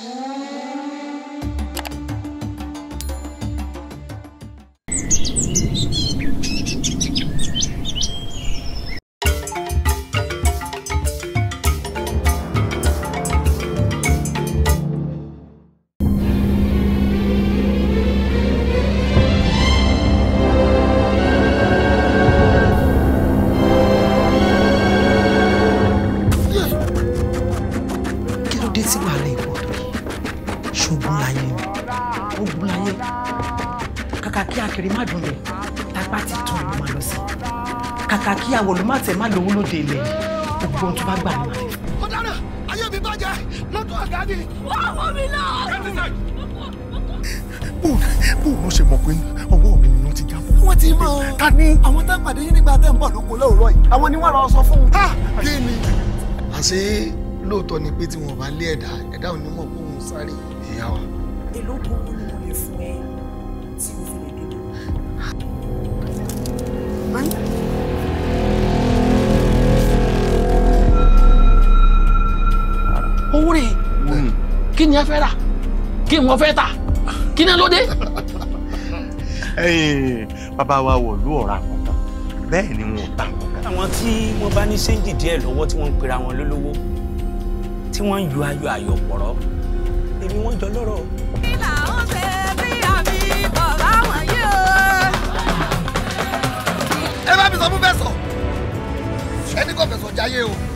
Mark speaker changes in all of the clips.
Speaker 1: Thank you.
Speaker 2: tó délé gbogbo ohun tó bá gbà ní. ọ̀daràn ayé mi bàjẹ́ lọ́dún àgáni. ọwọ́ mi náà. bó o ṣe mọ̀ pé ọwọ́ mi nínú ti jábọ̀. wọ́n ti mọ̀ ọ́. ká ní. àwọn tá a pàdé yín nígbà tẹ́ ń bọ̀ lóko lóòrọ̀ yìí àwọn ni wọ́n lọ sọ fún un. kí ni. àṣé lóòótọ́ ni pé tí wọ́n bá lé ẹ̀dá ẹ̀dá ò mọ̀ kó òun sáré ìyá wa. èló kan ni fún ẹ. wọn fẹ́ tà kí náà ló dé. bàbá wa wọ̀ ló ọ̀rọ̀ àwọn kan bẹ́ẹ̀ ni wọn ò tà wọn kan. àwọn tí wọ́n bá ní séǹjì díẹ̀ lọ́wọ́ tí wọ́n ń pera wọn lólówó tí wọ́n ń yọ ayọ̀ ayọ̀ pọ̀rọ̀ èmi wọ́n jọ lọ́rọ̀. ẹ bá mi sọ fún fẹsọ ẹni kò fẹsọ jáyé o.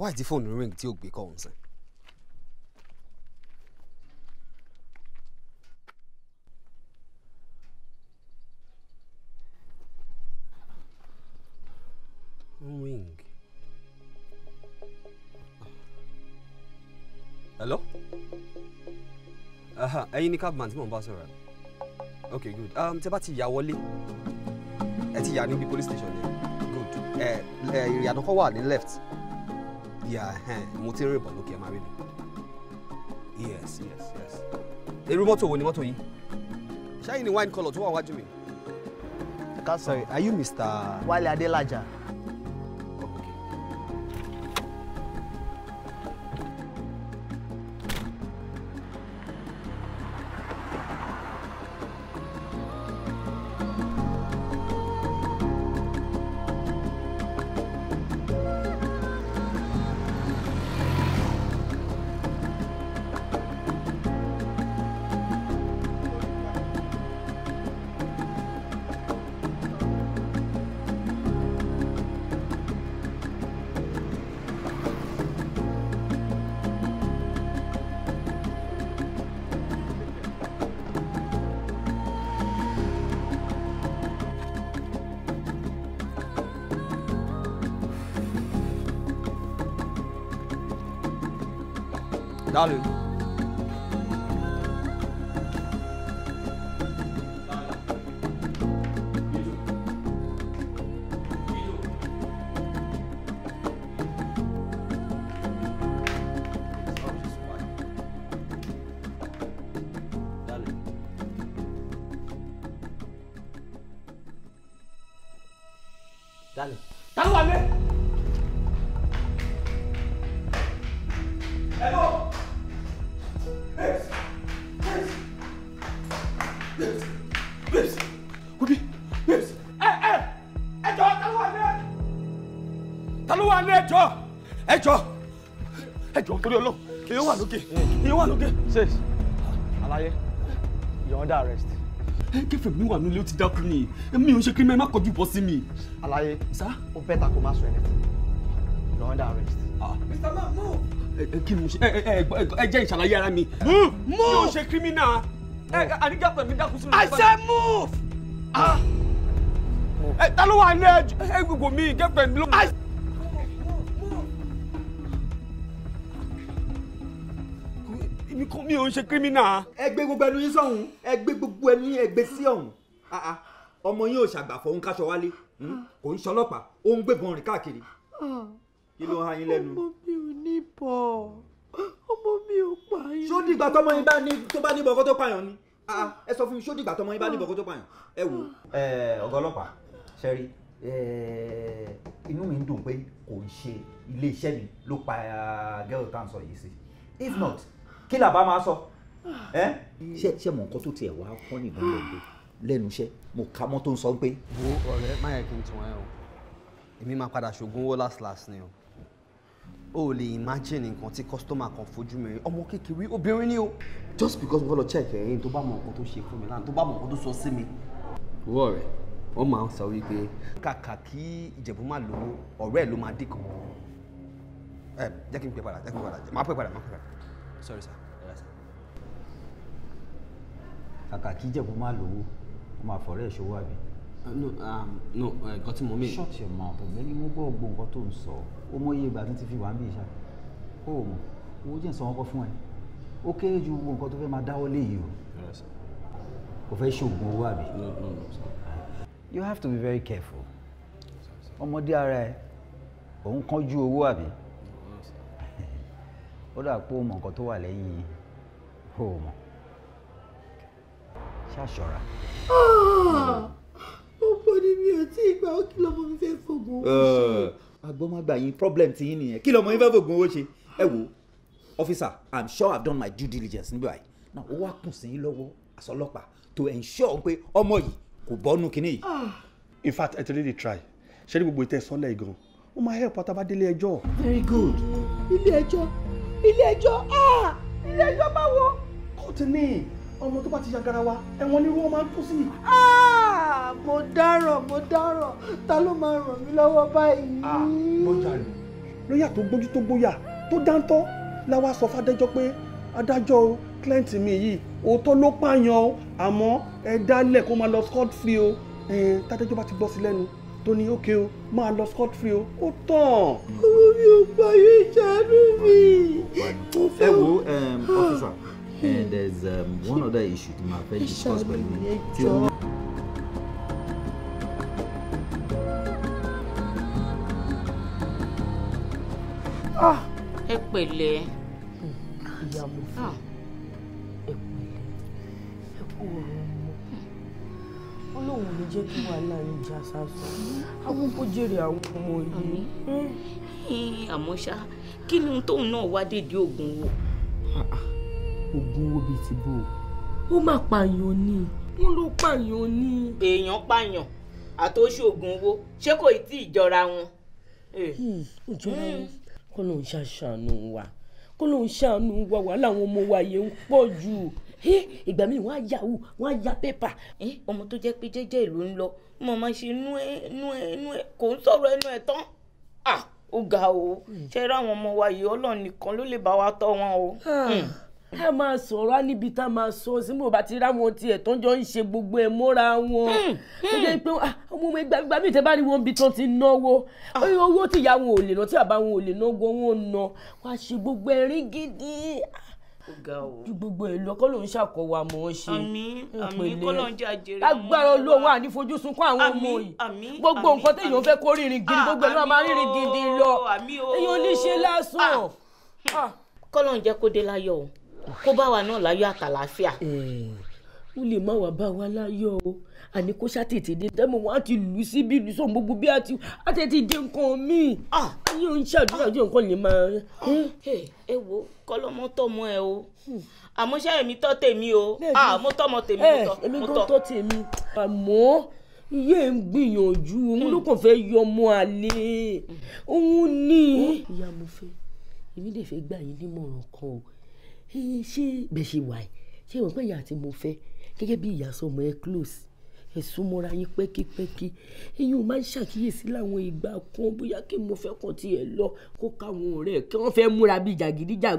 Speaker 2: wáì tí fóònù ring tí ò gbé kọ́ ọ̀hún sìn. ring. hello. ẹ̀yin ni cabman tí mò ń bá sọ̀rọ̀ ok good um, tẹ́ bá ti yà wọlé ẹ ti yà níbi police station yẹn good ìrìn àdókò wà ní left yeah uh-huh. mo ti ń rìn bọ̀ lókè ẹ yes yes yes irú mọ́tò wo ni mọ́tò yìí ṣáà yìí ni wine colour tó wà wájú mi. ẹ are you Mr. Wálé Adélájà. 啊！six alaye you're under arrest. kẹfẹ mi wà nílé ó ti dákú ni mi ò ń ṣe kí n má kọjú bọ sí mi. alaye ó bẹ́ẹ̀ ta kó má sọ ẹni you're under arrest. Ah. Mr. Man, move. kí ni mo ṣe ẹ jẹ́ ìṣàlàyé ara mi. move move. yóò ṣe kírímínà àdígbàpẹ̀ mi dákú sínú. I say move. Ah, ah. ta ló wà ní ẹ gbogbo mi gẹ́pẹ̀ mi ló. mi kò mi ò ń ṣe kírímínà. ẹ gbé gbogbo ẹnu yín sọ̀hún ẹ gbé gbogbo ẹnu yín ẹ gbé sí ọ̀hún ah, ah. ọmọ yín ò ṣàgbà fọ̀hún káṣọ wálé hmm? kò ń ṣọlọ́pàá ó ń gbébọn rìn káàkiri kí ló ń ha yín lẹ́nu. ọmọ
Speaker 3: mi ò ní bọ̀ ọmọ mi ò pa yín. ṣó dìgbà tọmọ yín
Speaker 2: tó bá níbọn kó tó pààyàn ni ah, ẹ sọ fún mi ṣó dìgbà tọmọ yín bá níbọn kó tó pààyàn ẹ wò. ọ̀gá ọlọ́pàá ṣẹ́rí inú mi ń dùn pé kò ń ṣe ilé mi ló pa gẹ́rù tá yìí sí if not kí làbá máa sọ. ṣé ṣé mọ̀ nǹkan tó tiẹ̀ wá kọ́ nìkan lọ́dọ̀ lẹ́nu iṣẹ́ mo ka mọ́ tó ń sọ pé. wo ọ̀rẹ́ má yẹ kí n tún ẹ o èmi máa padà ṣògùn owó last ni o o lè imagine nǹkan tí customer kan fojú mi ọmọ kékeré obìnrin ni o. just because mo lọ check ẹ̀yìn tó bá mọ nǹkan tó ṣe fún mi lánàá tó bá mọ nǹkan tó sọ sí mi. wo ọ̀rẹ́ wọ́n máa ń sọ wípé kàkà kí ìjẹ̀bú má lówó ọ̀rẹ́ ẹ̀ ló máa dín ẹ jẹ́ kí n pè padà jẹ́ kí n padà máa pè padà máa pè padà sorry sir. kàkà kí jẹ̀bú má lówó ó máa fọ̀rẹ́ ẹ̀ àbí. Uh, no um, no uh, tí mo mean. shut your mouth ọ̀gbẹ́ni mo gbọ́ gbogbo nǹkan tó ń sọ ó mọyé ìgbà tó ti fi wà ń bí ìṣá ó mọ̀ owó jẹ́ ìsanwó ọkọ fún ẹ ó kéré ju gbogbo nǹkan tó fẹ́ máa dáwọ́ lé yìí o kò fẹ́ ṣoògùn owó àbí. you have to be very careful ọmọdé ara ẹ òun kánjú owó àbí ó dà pé ó mọ nǹkan tó wà lẹ́yìn ó mọ̀ ṣàṣọra.
Speaker 3: Ah, ọ̀pọ̀ ni mi ò tí ì gbà ó kí lọ́mọ mi fẹ́ fògùn owó ṣe.
Speaker 2: agbọ́mọgbà eh. yín problem ti yín nìyẹn kí lọ́mọ yín fẹ́ fògùn owó ṣe ẹ wo officer i'm sure i've done my due diligence níbi báyìí náà ó wá kùn sí yín lọ́wọ́ àsọlọ́pàá to ensure pé ọmọ yìí kò bọ́nu kínní yìí. Ah. in fact ẹ ti really try ṣé ní gbogbo ìtẹ̀sọ́lẹ̀ gan ó máa help àtàbá délé ẹjọ́. very good. ilé ẹjọ́ ilé ẹjọ́ ah, ilé ẹjọ́ báwo. kọ́tù ni ọmọ tó bá ti yagara wa ẹ̀wọ̀n ni wọ́n máa ń kú sí. Ah, mo dáràn mo dáràn ta ló máa ràn mí lọ́wọ́ báyìí. Ah, mo jàre lọ́yà tó gbójú tó gbóyà tó dáńtọ́ la wá sọ fádájọ́ pé adájọ́ o client mi yìí òótọ́ ló pààyàn o àmọ́ ẹ dálẹ̀ kó máa lọ scot free o tádájọ́ bá ti gbọ́ sí lẹ́nu tó ní ókè o máa lọ scot free o ó tàn. ọmọ mi ò pààyàn ìjà mi. ẹ wo ọ́fíìsà. Um, and there's um, one other issue tí màá fẹ́ discuss by me.
Speaker 3: ó ní. ẹ pẹ̀lẹ́ ìyá mo fẹ́ ah. ẹ pẹ̀lẹ́ ẹ kú ọ̀rọ̀ ọmọ
Speaker 2: ó lóun lè jẹ́ kí wàhálà yìí já sásọ àwọn kó jèrè àwọn ọmọ
Speaker 3: yìí. àmọ́ ṣá kí ni tóun náà wá dédé oògùn wò. Ah, ah
Speaker 2: oògùn owó bíi ti bò ó má pààyàn ni wọn ló pààyàn
Speaker 3: ni. èèyàn pààyàn àtòṣù oògùn owó ṣé kò tí ì jọra wọn. ìjọra wọn kọ́ ló ń ṣàṣàánú wa kọ́ ló ń ṣàánú wa wàhálà àwọn ọmọ wa yẹn ń pọ̀ jù ìgbà míì wọ́n á ya wù wọ́n á ya pépà. ọmọ tó jẹ́ pé jẹ́jẹ́ ìlú ń lọ mo ṣe inú ẹ inú ẹ inú ẹ kò ń sọ̀rọ̀ ẹnu ẹ tán ó ga o ṣe ráwọn ọmọ wa yìí ọlọ́run nìkan ló lè bá wa tọ́ wọn o
Speaker 2: ká máa sọ̀rọ̀ á níbi tá a máa sọ sí bò bá ti ráwọn tiẹ̀ tó ń jọ ń ṣe gbogbo ẹ̀ mọ́ra wọn tó hmm, hmm. jẹ́ pé ah, ọmọ mi gbàgbà mi ìtẹ́ bá rí wọn bí tán ti náwó ah. owó tí ìyá wọn ò lè ná tí bàbá wọn ò lè ná owó wọn ná wàá ṣe gbogbo ẹ̀rín gidi ju gbogbo èlò kọ́ ló ń ṣàkọwà mọ̀ ọ́ ṣe àmín kọ́ ló ń jẹ́ àjèrè agbára olówó ànífojúsùn kún àwọn ọmọ yìí gbogbo nǹkan téèyàn fẹ́ kó rìnrìn gidi ah, gbogbo èlò máa rìnrìn gidi lọ èyàn ò ní ṣe
Speaker 3: lásán. Hmm. kọ́ ló ń jẹ́ kó dé láyọ̀ o kó bá wa náà láyọ̀ àtàlàáfíà.
Speaker 2: ó lè má wàá bá wa láyọ̀ o àní kó ṣá tètè dé dẹ́mu wọn á ti lù sí bí lù sọ̀n gbogbo bí á ti á tètè dé nǹkan míì
Speaker 3: ah! ayé ò ń ṣàdúrà jẹ́ nǹkan lè máa. ẹ wo kọ́lọ́mọ tọmọ ẹ o àmọ́ ṣá èmi tọ́ tèmi o ah, mo tọmọ tèmi mo tọ́. èmi gan tọ́ tèmi
Speaker 2: àmọ́ iye ń gbìyànjú òun ló hmm. kàn fẹ́ yọ ọmọ àlè hmm.
Speaker 1: òun ní. Oh, ìyá mo fẹ́ èmi lè fẹ́ gbà yín nímọ̀ràn kan o ṣé bẹ́ẹ̀ ṣe wà yìí ṣé ìwọ̀n pé ìyá àti mo fẹ́ gẹ́gẹ́ bí ìyá sọmọ ẹ close ẹ súnmọ́ra yín pẹ́kípẹ́kí ẹ̀yin ò máa ń ṣàkíyèsí láwọn ìgbà kan bóyá kí
Speaker 3: mo fẹ́ kàn tiẹ̀
Speaker 1: lọ kó káwọn
Speaker 3: ọ̀rẹ́ kí wọ́n fẹ́ múra bíi jàgídíjàgan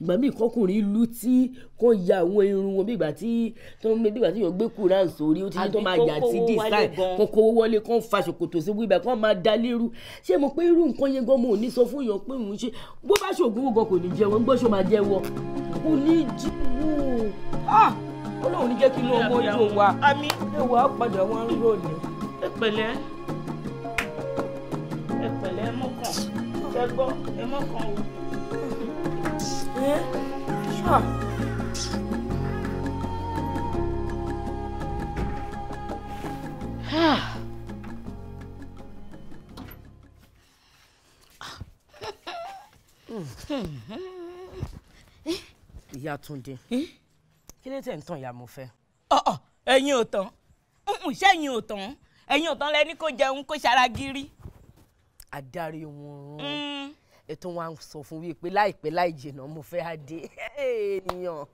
Speaker 3: ìgbà míì kọkùnrin
Speaker 2: lu tí kò ya àwọn irun wọn bí ìgbà tí tó ń bí ìgbà tí yàn gbé kúrán sórí ó ti ní tó máa yà sí design kò kówó wọlé kó ń fa ṣòkòtò sí wíwá kó máa dá lérú ṣé mo pé irú nǹkan yẹn gan mo ò ní sọ fún yàn pé òun ṣe bó bá ṣògùn gan kò ní jẹun gbọ́ ṣó máa jẹ́wọ́
Speaker 3: kò ní jíwò ah! ọlọ́run ní jẹ́ kí inú ọmọ dùn wa ẹwà padà wọn ń rò ní. ẹ pẹ̀lẹ́ ẹ pẹ̀lẹ́
Speaker 1: ẹ Yeah?
Speaker 3: Sure. Ìyá Túndé, kí ló tẹ̀ ń tàn ìyá mo fẹ́? Ọ̀ọ̀ ẹ̀yin ò tán, ṣẹ́yin ò tán, ẹ̀yin ò tán lẹ́ni kó jẹun kó ṣara gírí. Adarí
Speaker 2: wọn rún. Mm ètò wa ń sọ fún wípé láìpẹ́ láì jìnà mo fẹ́ adé
Speaker 3: èèyàn.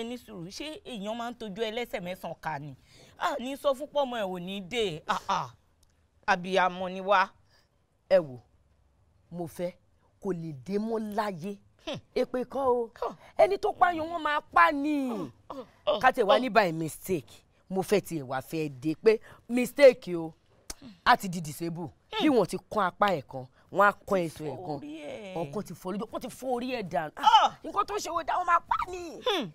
Speaker 3: ẹni sùúrù ṣé èèyàn máa ń tọ́jú ẹlẹ́sẹ̀ mẹ́sàn-án ká ni a ní sọ fún pọ́mọ ẹ̀ ò ní dé àbíyamọ ni wá. ẹ wò mo fẹ́ kò lè dé mọ́ láyé hmm. èpè kọ́ o
Speaker 2: ẹni tó pààyàn wọn máa pa ni kátẹ wá ní by mistake mo fẹ́ tiẹ̀ wá fẹ́ dé pé mistake o hmm. a ti di disable hmm. bí wọ́n ti kán apá ẹ̀ kan
Speaker 3: wọn á kọ́ ètò ẹ̀kan ọkọ ti fọ orí wọn ti fọ orí ẹ̀ dànù ah, ah! nǹkan tó ṣe wo dá wọn máa pa ni hmm.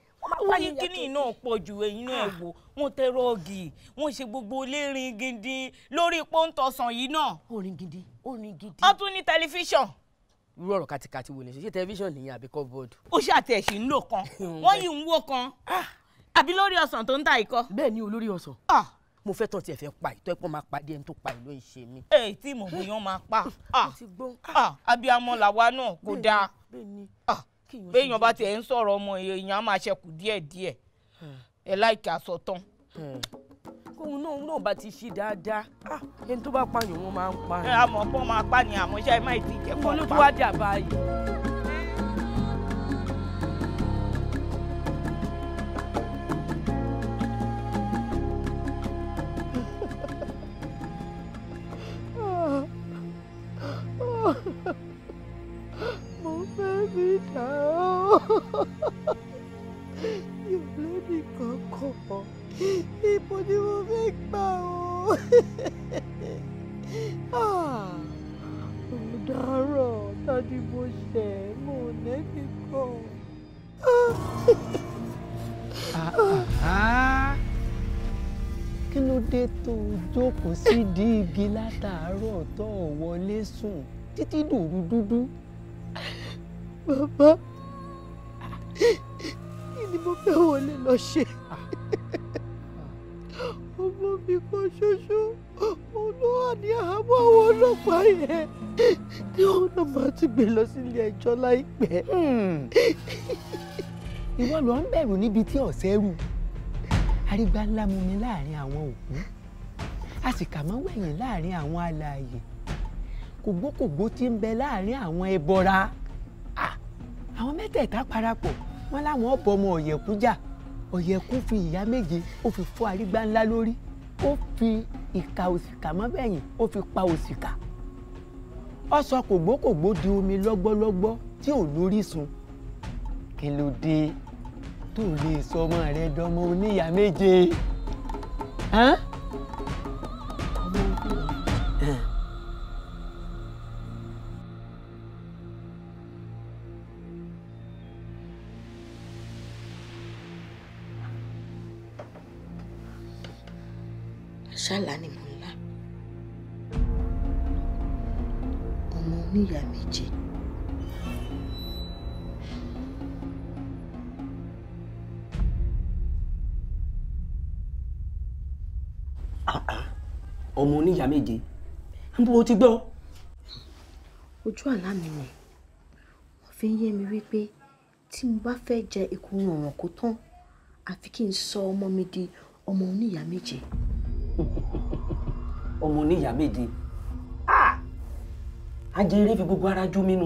Speaker 3: wọ́n ní kíní náà pọ̀ jù ẹ̀yin náà ah. wò wọ́n tẹ rọ́ọ̀gì wọ́n ṣe gbogbo lérin gidi lórí pọ́ńtọ̀sán yìí náà. orin gidi orin gidi. wọ́n tún ní tẹlifíṣàn irú ọ̀rọ̀ katikati wo lè ṣe ṣe tẹlifíṣàn nìyẹn àbí cupboard. ó ṣàtẹ̀ ṣì ń lò kan wọ́n yìí ń wò kan àbí lórí ọ̀sán tó ń ta ikọ́. bẹ́ẹ̀ ni olórí ọ̀sán
Speaker 2: mo fẹ́ tán tiẹ̀ fẹ́ pa ìtọ́ ẹ̀pọ́n máa pàdé ẹni tó pa ìlú ìṣe mi. ẹ tí mo bóyá máa pa ah, ah, ah, abiyamọ làwa náà kò dáa
Speaker 3: béèyàn bá tiẹ̀ ń
Speaker 2: sọ̀rọ̀ ọmọ èèyàn á máa ṣẹkù díẹ̀díẹ̀ hmm. ẹ láìkí aṣọ tán. Hmm. kóun náà náà bá ti ṣe dáadáa ẹni tó bá pààyàn wọn máa ń pa. ẹ àmọ́ pọ́n máa pa ni àmọ́ ṣáà ẹ má ì tí ì jẹ́ pọ́n pa. olùkọ́ wá dà báyìí.
Speaker 3: mo fẹ́ mi dà ó mi ò lẹ́nu kankan ni mo fẹ́ gbà ó ah, mo dárọ̀ tàbí mo ṣẹ̀ mo lẹ́nu kan.
Speaker 2: kí ló dé tó o jókòó sídìí igi látàárọ̀ tó o wọlé sùn
Speaker 3: títí dùrú dúdú bàbá kí ni mo fẹ́ wọlé lọ ṣe ọmọ mi kan ṣoṣo olówó ní àhámọ́ àwọn ọlọ́pàá yẹn tí wọn náà máa ti gbé lọ sílé ẹjọ́ láìpẹ́. Hmm.
Speaker 2: ìwọ ló ń bẹ̀rù níbi tí ọ̀sẹ̀ rù arígbá ńlá mumi láàrin àwọn òkú a sì kà mọ́ wẹ̀yìn láàrin àwọn alààyè kògbókògbó tí ń bẹ láàrin àwọn ẹbọra àwọn mẹ́tẹ̀ẹ̀ta parapọ̀ wọn láwọn ọ̀bọ̀mọ ọ̀yẹ̀kú jà ọ̀yẹ̀kú fi ìyá méje ó fi fọ́ arígbá ńlá lórí ó fi ìka òsìkà mọ́bẹ̀yìn ó fi pa òsìkà ó sọ kògbókògbó di omi lọ́gbọ́lọ́gbọ́ tí ò lórí sun kí ló
Speaker 1: dé tó lè sọ ọmọ rẹ dọmọ oníyàá Huh?
Speaker 3: ṣáàlà ni mò ń lá ọmọ oníyà méje.
Speaker 2: ọmọ oníyà méje níbo o ti gbọ́.
Speaker 3: ojú àlá mi ni wọ́n fi ń yé mi wípé tí mo bá fẹ́ jẹ ikú rànràn kó tán àfi kí n sọ ọmọ mi di ọmọ oníyà méje.
Speaker 2: ọmọ oníyà méje ajẹ́rẹ́ fi gbogbo ara jó mi nù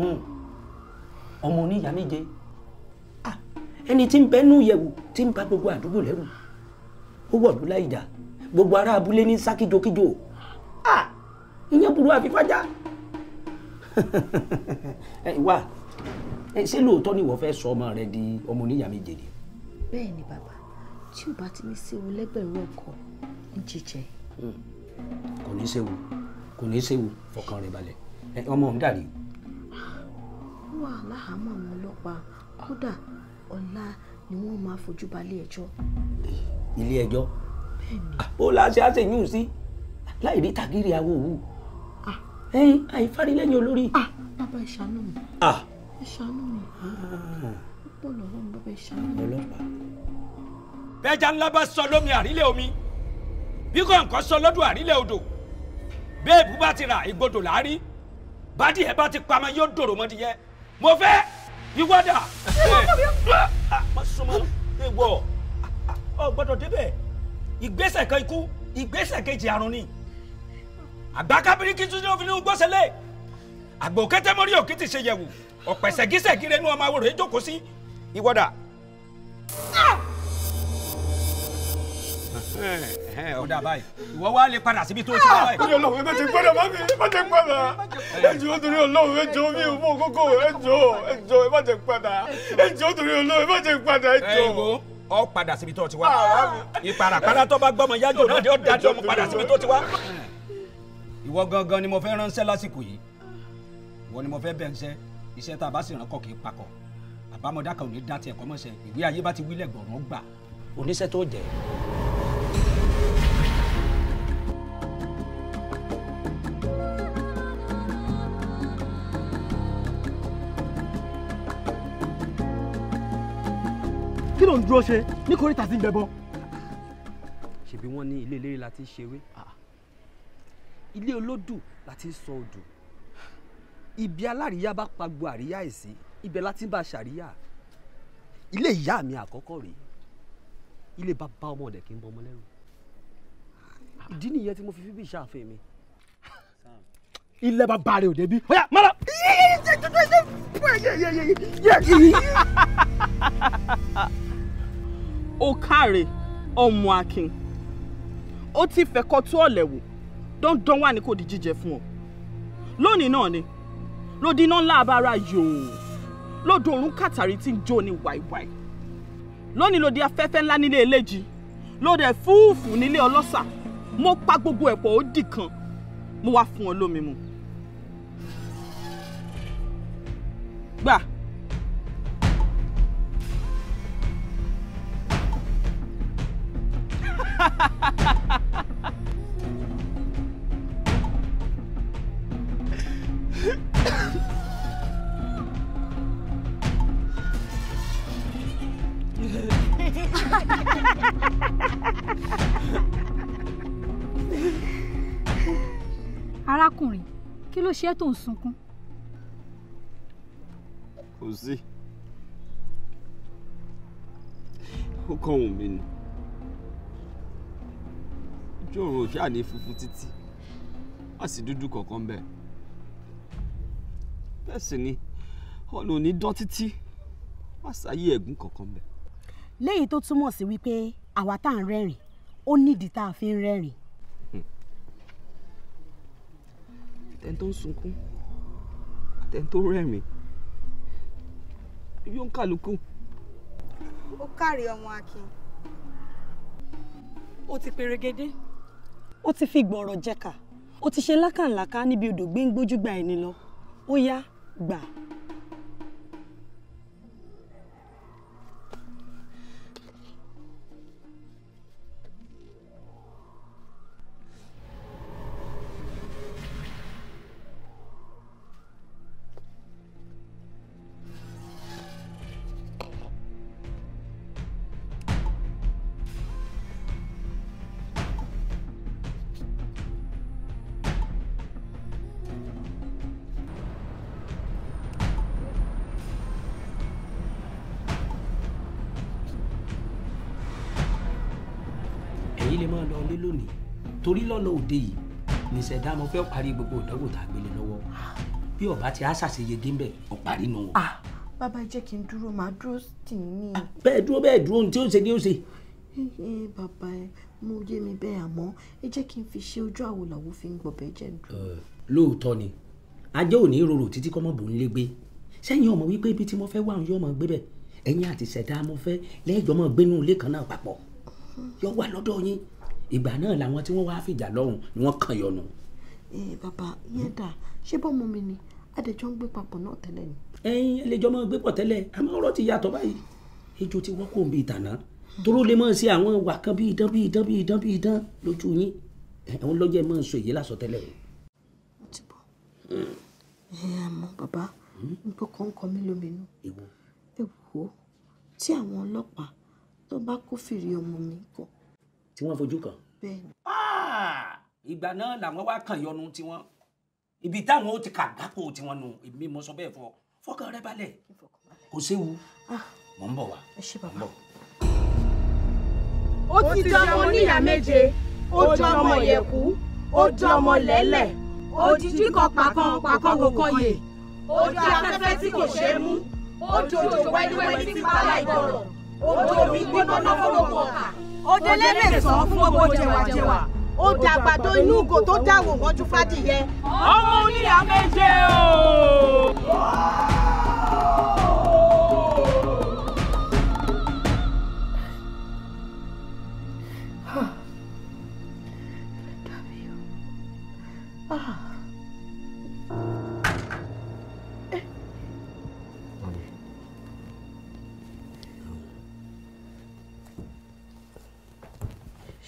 Speaker 2: ọmọ oníyà méje ẹni tí ń bẹ nú yẹ̀wò tí ń bà gbogbo àdúgbò lẹ́rù ó wọ̀lú láì dá gbogbo ará abúlé ní sákìjokíjo ìyẹn burú àfifájá wá ṣé lóòótọ́ ni ìwọ fẹ́ sọ ọmọ rẹ di ọmọ oníyà méje ni.
Speaker 3: bẹ́ẹ̀ bàbá tí o bá ti ní sí ewu lẹ́gbẹ̀rún ọkọ̀ ń jíjẹ.
Speaker 2: kò ní í ṣe wù kò ní í ṣe wù fọkàn rẹ balẹ̀ ọmọ òun dàrí.
Speaker 3: wà láhàámọ̀ àwọn ọlọ́pàá kódà ọ̀la ni wọ́n máa fojú balẹ̀ ẹjọ́.
Speaker 2: ilé ẹjọ́ ó láṣẹ àṣeyún sí
Speaker 3: láì rí tàgírí awo òwú ah. ẹyin àìfárí lẹ́yìn olórí. Ah, bàbá ìṣàánú mi ìṣàánú ah. mi púpọ̀ lọ́wọ́ mi bàbá ìṣàánú mi.
Speaker 2: bẹ́ẹ̀ já ńlá bá sọ lómi àrílé omi bí kọ̀ǹkọ̀ sọ lọ́dún àrílẹ̀ odò bẹ́ẹ̀bù bá ti ra ìgbodò láárí bádìí ẹ̀ bá ti pamọ́ yóò dòrò mọ́ di yẹ mo fẹ́ ìwọ́dà. má súnmọ́ ewọ ọ gbọ́dọ̀ débẹ̀ ìgbésẹ̀ kan ikú ìgbésẹ̀ kejì àrùn ni àgbà kábíríkì tún ní òfin gbọ́sẹ̀lẹ̀ àgbà òkété mọ́rí òkìtì ṣe yẹ̀wù ọ̀pẹ̀sẹ̀ gísẹ̀ gírẹ́nu ọmọ awòrán ìjókòó sí ìwọ́dà ó dà báyìí ìwọ wá lè padà síbi tó ti wá báyìí. ọlọ́run ẹ ti gbọ́dọ̀ má mi ẹ má ti padà ẹ jọ̀ọ́ torí ọlọ́run ẹ jọ̀ọ́ mi ò mọ kókó ẹ jọ̀ọ́ ẹ jọ̀ọ́ ẹ má ti padà ẹ jọ̀ọ́ torí ọlọ́run ẹ má ti padà ẹ jọ̀ọ́ ọ padà síbi tó ti wá ah, ìparapara tó bá gbọmọ yájò náà ni ó dájú ọmọ padà síbi tó ti wá. ìwọ gangan ni mo fẹ́ ránṣẹ́ lásìkò yìí ìwọ ni mo fẹ́ bẹ̀ iṣẹ́ tá a bá sì rán kọ̀ kì í pakọ̀ àbámọ̀dá kan ò ní dá tiẹ̀ kọ́mọ̀ṣẹ́ ìwé ayé bá ti wílẹ̀ gbọ̀ràn gbà oníṣẹ́ tó jẹ́. ló ń dúró ṣe ní koríta sí gbẹbọ. ṣebí wọ́n ní ilé eléré la ti ń ṣeré ilé olódù la ti ń sọ odù ibi alárìíyá bá pagbo àríyá ẹ̀ sí ibẹ̀ la ti ń bá ṣàríyá ilé ìyá mi àkọ́kọ́ rèé ilé bàbá ọmọ ọ̀dẹ̀ kì í bọ ọmọ lẹ́rù ìdí nìyẹn tí mo fi fíbi ìṣàfẹ́ mi. ilé bàbá rẹ ò débi ó yá má lọ ó káre ọmọ akin ó ti fẹ̀kọ́ tó ọ̀lẹ̀ wò dandan wà ní kò di jíjẹ fún ọ lónìí náà ni ló di iná ńlá abára yòò lódò òórùn kàtàrí tí ń jó ní wàìwàì lónìí ló di afẹ́fẹ́ ńlá nílé eléjì ló dẹ̀ fúùfù nílé ọlọ́sà mo pa gbogbo ẹ̀pọ̀ ó dì kan mo wá fún ọ lómi mu gbà.
Speaker 3: arákùnrin kí ló ṣe é tó ń sunkún.
Speaker 2: kò sí ó kàn wù mí ni. ṣòro ṣáà ní funfun títí má sì dúdú kankan bẹ́ẹ̀ bẹ́ẹ̀ sì ni ọ̀nà ò ní dán títí má sáyé ẹ̀gún kankan
Speaker 3: bẹ́ẹ̀. léyìí tó túmọ̀ sí wípé àwa tá à ń rẹ́rìn ó nídìí tá a fi ń rẹ́rìn. àtẹni tó ń
Speaker 2: sunkún àtẹni tó rẹ́rìn yóò ń kálukú.
Speaker 3: ó kárí ọmọ akin. ó ti perégedé
Speaker 2: ó ti fi gbọ̀rọ̀ jẹ́ka ó ti ṣe lákàlàkà níbi odò gbé ń gbójú gba ẹni lọ
Speaker 3: ó yá gbà
Speaker 2: lọ́nà òde yìí nìṣẹ̀dá mo fẹ́ parí gbogbo ìdánwò tá a gbélé lọ́wọ́ bí ọba ti aṣàṣeyege ńbẹ ọparí nu wọn. Ah,
Speaker 3: bàbá jẹ́ kí n dúró máa dúró tì í ní. Ah,
Speaker 2: bẹ́ẹ̀ dúró bẹ́ẹ̀ dúró ohun tí ó ń ṣe ni ó ṣe.
Speaker 3: bàbá ẹ mo yé mi bẹ́ẹ̀ àmọ́ ẹ jẹ́ kí n fi ṣe ojú àwo làwo fi ń gbọ̀bẹ̀ jẹ́ dùn.
Speaker 2: Eh, lóòótọ́ ni ajé òní rorò títí kọ́mọ bò ń lé gbé sẹ́yìn ọmọ wípé ibi tí mo fẹ́ wà ń yọ ọmọ gbé bẹ̀ ẹ̀yìn àti ṣẹ̀dá mo fẹ́ lẹ́yìn gbénú ilé kan náà papọ̀ yọ wà lọ́dọ̀ yín ìgbà náà làwọn tí wọ́n wá fìjà lọ́hùn ni wọ́n kàn yọnu.
Speaker 3: ẹ bàbá yẹn dà ṣé bọ́mọ mi ni adẹjọ ń gbé papọ̀ náà tẹ́lẹ̀ ni.
Speaker 2: ẹyin ẹlẹjọ máa ń gbé pọ̀ tẹ́lẹ̀ àmọ́ ọ̀rọ̀ ti yàtọ̀ báyìí ejò ti wọ́pọ̀ ń bi ìtànà toró lè máa ṣe àwọn ìwà kan bí idán bí idán bí idán bí idán lójú yín àwọn lọ́jọ́ ẹ̀ máa ń sọ èyí lásọ tẹ́lẹ̀ o. mo ti bọ̀
Speaker 3: hmm. ẹ àmọ́ bàbá hmm? nígbà kan kọ mí lóminú ẹ wò ó tí àwọn ọlọ́pàá tó bá kófìrí ọmọ mi kọ̀ tí wọ́n fojú kàn.
Speaker 2: Ah! ìgbà náà làwọn wá kàn yọnu tiwọn ibi táwọn ó ti kà gbáko tiwọn nù èmi mo sọ bẹ́ẹ̀ fọ fọkàn rẹ balẹ̀ kò séwu ah! mò ń bọ̀ wá
Speaker 3: mò ń bọ̀. ó ti dánmọ níyà méje ó dán yẹ̀kú ó dán lẹ́lẹ̀ ó di jíkọ̀ pàkan pàkan kọ̀ọ̀kan yè ó di afẹ́fẹ́ tí kò ṣeé mú
Speaker 1: ó dojo wẹ́líwẹ́lí tí pàlà ìgbọ̀rọ̀ ó domi gbígbóná fọlọ́pọ̀ ọ̀kà òdèlé lè sọ fún gbogbo jẹwàjẹwà
Speaker 3: ó da àgbàdo inú ìgò tó dáwò mọ́jú fàdìyẹ. ọmọ oníyà méje o. Ah. ah.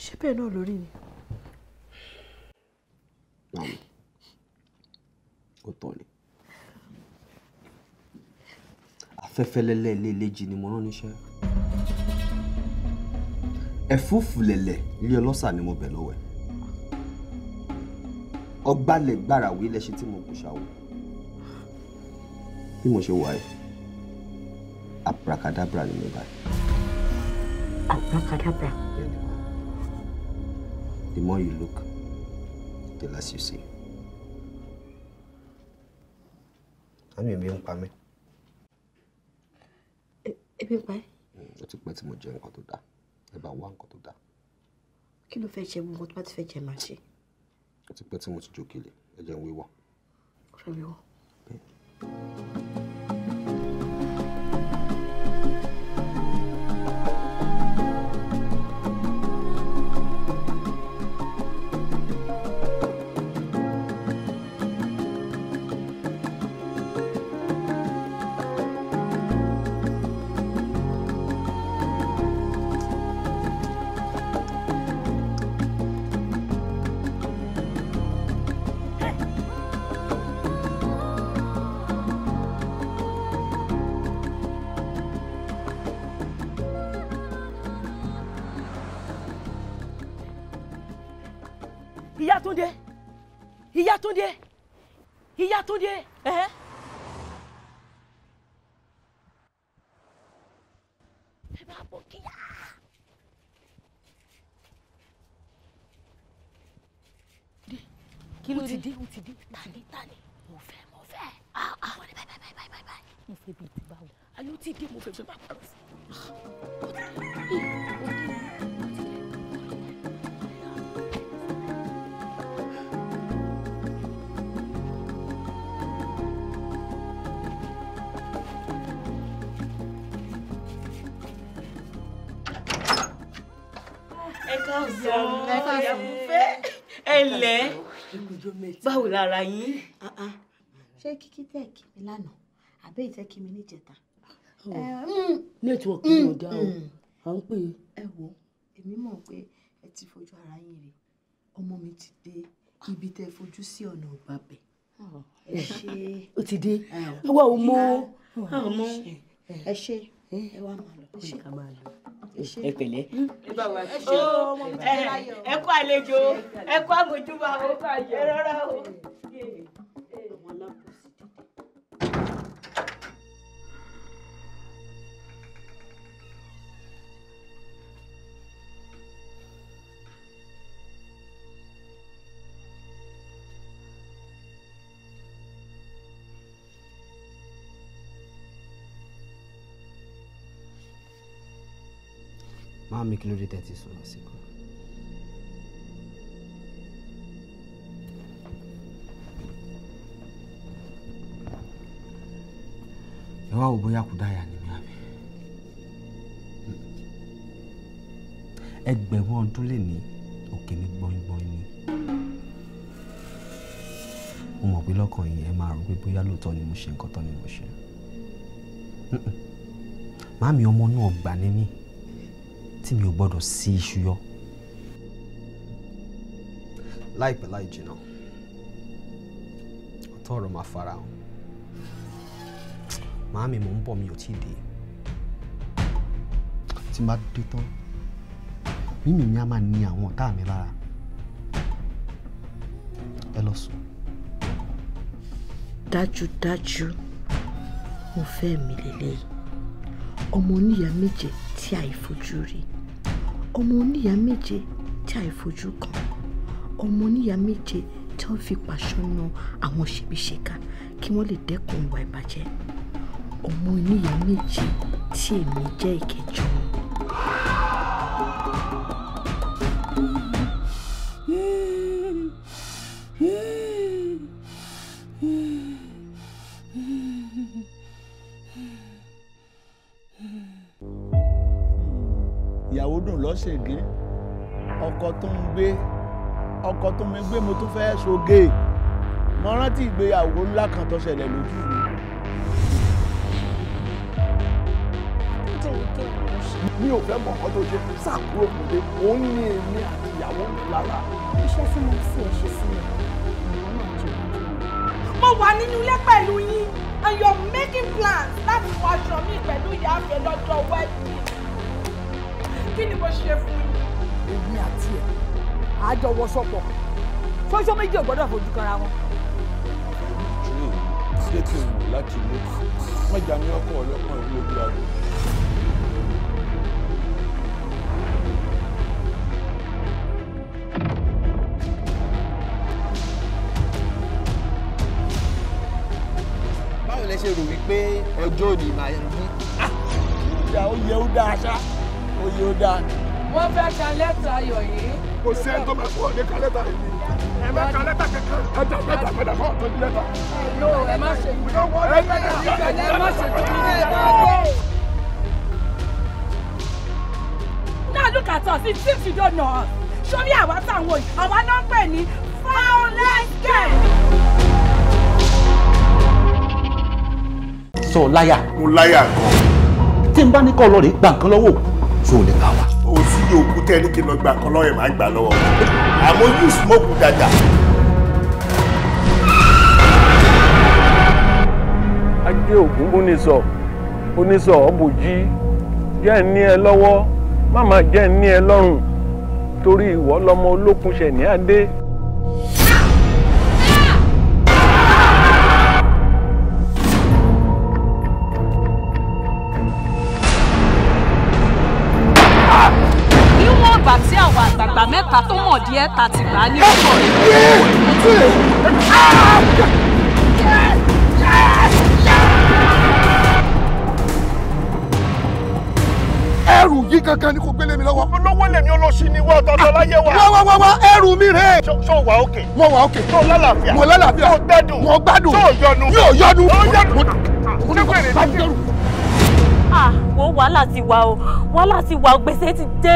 Speaker 3: ṣé bẹ́ẹ̀ náà lórí ni.
Speaker 2: mami ó tọ́ ni afẹ́fẹ́ lẹ́lẹ́ lélẹ́jì ni mo rán níṣẹ́ ẹ̀fúùfù lẹ̀lẹ̀ ilé ọlọ́sà ni mo bẹ̀ lọ́wọ́ ẹ̀ ọgbàlẹ̀ gbàràwé lẹ́ṣin tí mo kù ṣàwọ̀ bí mo ṣe wà yìí abracadabra ni mo bá yìí.
Speaker 1: abracadabra.
Speaker 2: The more you look, the less you see. I'm èmi ń pa mí.
Speaker 3: E, ebi ń pa ẹ́.
Speaker 2: Hmm, ó ti pẹ́ tí mo jẹ nǹkan tó dáa. Ẹ bá wá nǹkan tó dáa.
Speaker 3: Kí ló fẹ́ jẹ gbogbo tó bá ti fẹ́ jẹ màá ṣe?
Speaker 2: Ó ti Túndé ìyá Túndé
Speaker 3: ẹ̀hẹ́. ẹ bá bọ̀ kíyà. kí ló dé ó ti dé tani tani mo fẹ́ mo fẹ́ àwọn ah, ọ̀rẹ́ ah. báyìí báyìí báyìí báyìí. mo fẹ́ bíi ti báwo. alo ti dé mo fẹ́ fẹ́ bá pàrọ̀ sí ẹ káàsán ẹ lẹ́ báwo lára yín. Ah, ah. ṣé kíkí tẹ̀ kí mi lánàá àbẹ́ ìtẹ́ kí mi níjẹta.
Speaker 1: nẹ́tíwọ̀kì yóò dá o mm. à ń pè ẹ wo
Speaker 3: èmi mọ̀ pé ẹ ti fojú ara yín rí ọmọ mi ti dé ibi tẹ fojú sí ọ̀nà ògbàbẹ̀. Ah. ẹ ṣe
Speaker 1: o ti dé àwa
Speaker 3: ò mọ. ẹ ṣe eh. ẹ wá máa máa lọ ẹ pẹ̀lẹ́. Hmm. ẹ kú àlejò ẹ kú àmójúbà ẹ rọra ó.
Speaker 2: mi kí ló dé tẹ́tí sùn lásìkò. ẹ wá wò bóyá kú dáyà ni mi àbí ẹgbẹ̀rún ọdún lè ní òkè mi gbọ́ngbọ́n ni mo mọ̀ pé lọ́kàn yìí ẹ máa rò pé bóyá lóòótọ́ ni mo ṣe nǹkan tán ni mo ṣe màámi ọmọ náà gbà ní tí mi ò gbọ́dọ̀ sí iṣu yọ. láìpẹ́ láì jìnnà ọ̀tọ̀ ọ̀rọ̀ máa fara hàn màámi mò ń bọ̀ mi ò tí ì dé. tí máa dé tán mímì mi á máa ní àwọn ọ̀tá mi lára ẹ lọ sùn.
Speaker 3: dájúdájú mo fẹ́ mi lélẹ́yìí ọmọ oníyàá méje tí àìfojú rí ọmọ oníyàá méje tí àìfojú kan ọmọ oníyàá méje tí wọ́n fi pàṣọ na àwọn ṣèbíṣèkà kí wọ́n lè dẹ́kun ìwà ìbàjẹ́ ọmọ oníyàá méje tí èmi jẹ́ ìkẹjọ wọn.
Speaker 2: tún mi gbé mo tún fẹ́ ṣoge mo rántí ìgbéyàwó ńlá kan tó ṣẹlẹ̀ lójú mi. mi ò fẹ́ mọ̀ ọ́ tó ṣe sàkúrò kùdé òun ní èmi àti ìyàwó lára. iṣẹ́ tí mo sì ṣe sí mi ìwọ náà jẹ́ ojú mo wà nínú ilé pẹ̀lú yín and you making plans láti wọ aṣọ mi pẹ̀lú ìyá mi lọ́jọ́ wẹ́ẹ̀dì. kí ni mo ṣe fún yín. èmi àti ẹ̀ àjọwọ́sọ̀pọ̀ fọ́ṣọ́ méjì ò gbọ́dọ̀ fojú kanra wọn. ṣé kí n wò láti ilé mẹ́jà ní ọkọ̀ ọlọ́pàá ìlú ojú àgbò. báwo lẹ ṣe rò wípé ọjọ́ òní máa ń bí. Ah! ó yẹ ó dáa ṣá ó yẹ ó dáa. wọ́n fẹ́ ka lẹ́tà ayọ̀ yìí. kò sí ẹni tó máa kú ọ̀dẹ́ka lẹ́tà yìí ẹ má ka lẹ́tà kankan ẹ já
Speaker 3: Now look at us, it seems you don't know us. Show me àwa táwọn yìí, àwa náà ń pè ní Fouless Gang.
Speaker 2: Sọ láyà. Mo láyà gan. Tí n bá ní kọ́ o lè bá wa iye òkú tẹ́ ní kí n lọ gbà kan lọ́yẹ̀ máa gbà lọ́wọ́ àmọ́ yóò smoke dáadáa. ajé ògún onísọ onísọ ọbòjì jẹ́ ní ẹ lọ́wọ́ má má jẹ́ ní ẹ lọ́rùn torí ìwọ lọmọ olókùn ṣẹ̀ ní adé.
Speaker 3: yẹ tàti gbà ní ọkọ
Speaker 2: ẹrù yìí kankan ni kò gbélé mi lọ́wọ́. olówó lèmi olóṣì ni wọ́n tọ́jọ́ láyé wa. wá wá wá wá ẹrù mi rè. ṣó wà òkè. mo wà òkè. ṣó lálàáfíà. mo lálàáfíà. ṣó gbẹ́dùn. mo gbádùn. ṣó yọnu. yóò yọnu. ó yọnu.
Speaker 1: mo ní wàá ah
Speaker 2: wo wàhálà ti wà o wàhálà ti wà o gbèsè ti dé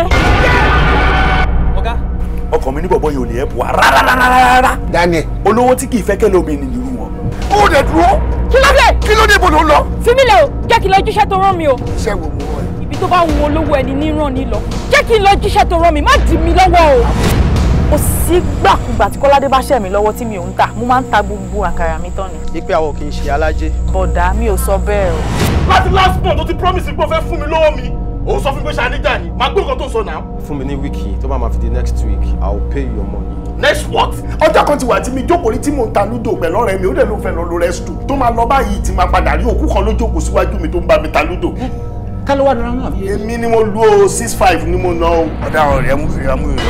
Speaker 2: ọkàn mi ní bọ̀bọ̀ yìí ò lè ẹ̀ bù wá rárá. Daniel. olówó tí kì fẹ́ kẹ́lẹ́ obìnrin nìyí wọn. ó lè dúró. kí ló dé. kí ló dé bò ló ń lọ. fímílẹ̀ o jẹ́ kí n lọ jíṣẹ́ tó rán mi o. iṣẹ́ wo mo rán ẹ. ibi tó bá wù olówó ẹni ní ràn ní lọ jẹ́ kí n lọ jíṣẹ́ tó rán mi má dì mí lọ́wọ́ o. kò sí gbàkúgbà tí Kọ́ládé bá ṣẹ̀ mí lọ́wọ́ tí mi ò ń ta mo máa ń ta gbogbo àkàrà mi tán ni. ipe àwọn kì í ṣe alájẹ. bọ̀dà mi ò sọ bẹ́ẹ̀ o. láti last month o ti promise pé o fẹ́ fún mi lọ́wọ́ mi ó sọ fún pé ṣáníjà ni máa gbé nǹkan tó sọ náà. fún mi ní wíìkì tó bá máa fi di next week i will pay you your money. next what. ọjọ́ kan ti wà tí mi jókòó rí tí mò ń ta lúdò pẹ̀lú ọ̀rẹ́ mi ó dẹ̀ ló fẹ́ lọ lo rẹ́sítù tó máa lọ báyìí tí máa padà rí òkú kan ló jókòó síwájú mi tó ń bá mi ta lúdò. ká ló wà lọ́la náà. èmi ni mo lu o six ni mo ná o. ọ̀daràn rẹ̀ mú ìrọ̀mú ìrọ̀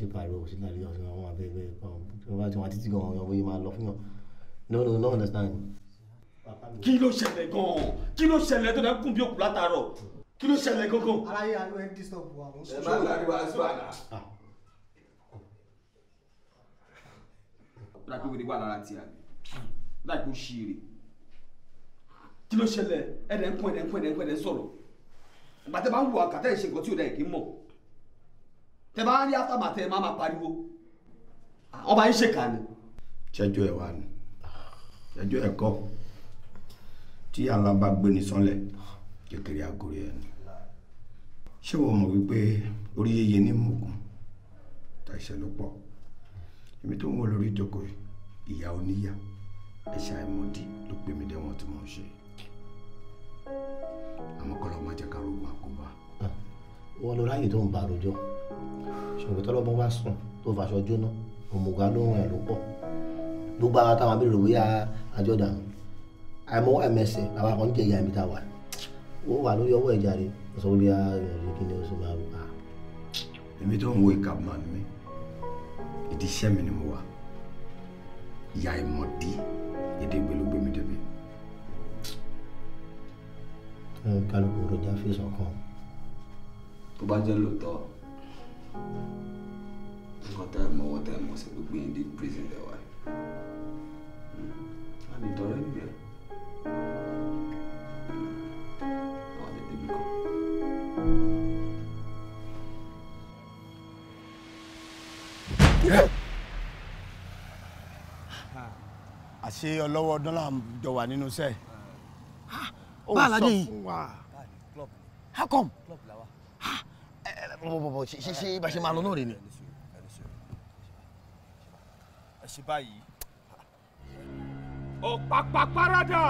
Speaker 2: ṣe pariwo kò sí láàrin ọ̀sán àwọn abẹ́gbẹ́ kan tí wọ́n bá títí gan ọ̀yàn bóyá máa lọ fún yàn no no no understand. kí ló ṣẹlẹ̀ gan-an kí ló ṣẹlẹ̀ tó náà kún bí òkú látàárọ̀ kí ló ṣẹlẹ̀ gangan.
Speaker 1: aráyé àlọ́ ẹ̀ disturb wa. ẹ má gbàdúrà sọ
Speaker 2: àná. láti wèrè wà lára tí a bí láti kó ṣí ire kí ló ṣẹlẹ̀ ẹ̀rẹ̀ ń pọ̀ ẹ̀rẹ̀ ń pọ̀ ẹ̀rẹ̀ ń sọ̀rọ̀ tẹ bá rí aftermath ẹ máa ma pariwo ọba yín ṣèkà ni. ṣẹjọ ẹ wà ní ṣẹjọ ẹ kọ tí alaba gbé ní sánlẹ̀ kékeré agolo ẹ ni ṣé o mọ̀ wípé orí yeye ní mọ̀kún ta ìṣẹ́ ló pọ̀ èmi tó ń wọ lórí ìjókòó ìyá oníyà ẹ̀ṣẹ̀ àìmọ̀dí ló pè mí dẹ́wọ̀n tí mò ń ṣe àmọ́ kọ́lọ́ má jẹ́ ká rogun àkóbá. wọn lọ ráyè tó ń bá rojọ́ ṣùgbọ́n tọ́lọ́gbọ́n bá sùn tó fàṣọ jóná òmùgá lóhùn ẹ̀ ló pọ̀ ló bá ara táwọn abẹ́rẹ́ òwe àjọ dànù àìmọ́ ẹ̀mẹsẹ̀ bàbá kan jẹ̀yà mi ta wà ó wà lórí ọwọ́ ẹ̀já rẹ̀ sọ bí a rẹ̀ kí ni ó sì máa wà. Ah. èmi tó ń wo ìkàbùmá mi ìdí iṣẹ́ mi ni mo wà ìyá ìmọ̀dí èdè gbẹlógbè débi. kálukú rọjà fèsì ọkàn. tó bá jẹ́ lóòótọ́ nǹkan tá a mọ ọwọ́ tá a mọ̀ sí gbogbo yín dé prison lẹ wá
Speaker 3: hmm. a lè tọrọ ẹ̀mí hmm.
Speaker 2: ah, ọlọ́wọ́ ọdún là ń jọ wà nínú iṣẹ́.
Speaker 1: bá a lajẹ yìí ah,
Speaker 2: how come bọ̀bọ̀bọ̀ ṣe ṣe ibà ṣe máa lọ náà rè ni. ẹ ṣe báyìí. ọ̀pàpà parada.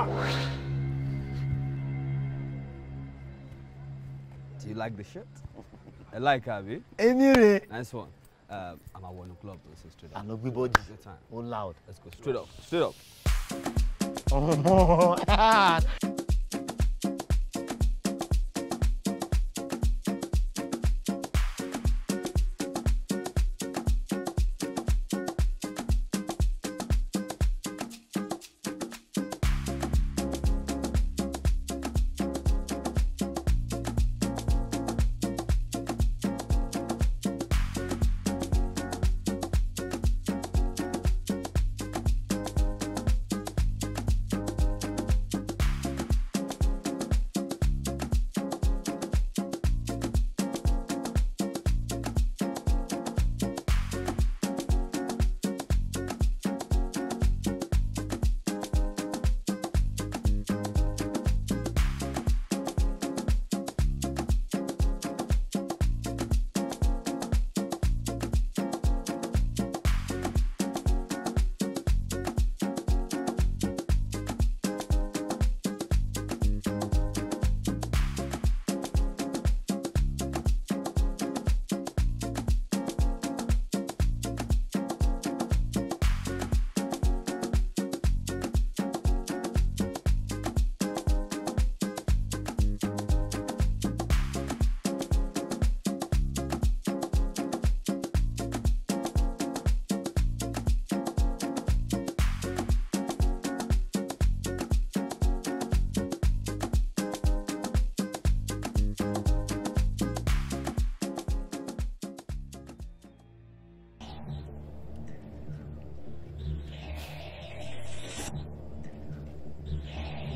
Speaker 2: Do you like the shirt? I like Abi. babe. Èmi Nice one. Um, I'm at one o'clock, so straight up. Àná gbé bọ́ọ̀dì. Good time. Ó loud. Let's go straight up, straight up. Oh,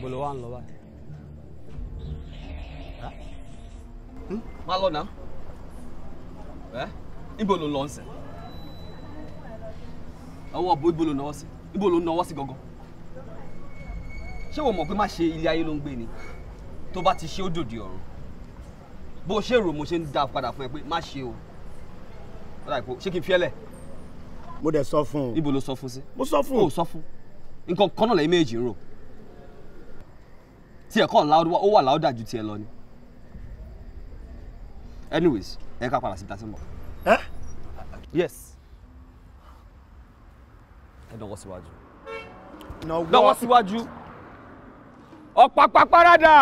Speaker 2: Buluan lọ báyìí. Má lọ náà. Ẹ́ níbo ló ń wo mọ̀ pé má ṣe ilé ayé ló ń gbé ni? Tó bá ti ṣe ó dòdì ọ̀run. Bó o ṣe rò mo ṣe ń dá padà fún ẹ pé má ṣe o. Ọ̀dà ìpò ṣé kí n fi ẹ lẹ̀? Mo dẹ̀ sọ fún un. Ibo ló sọ fún sí? Mo sọ fún un. O sọ fún un. Nǹkan kan náà lẹ́yìn méjì ń rò tiẹ̀ kọ́ loud ó wà loud ju tiẹ̀ lọ ni anyways ẹ ká padà sí ibi tá a ti ń bọ̀. ẹ. yes ẹ dọwọ́ síwájú. dọwọ́ síwájú ọ̀pá pàpàràdà.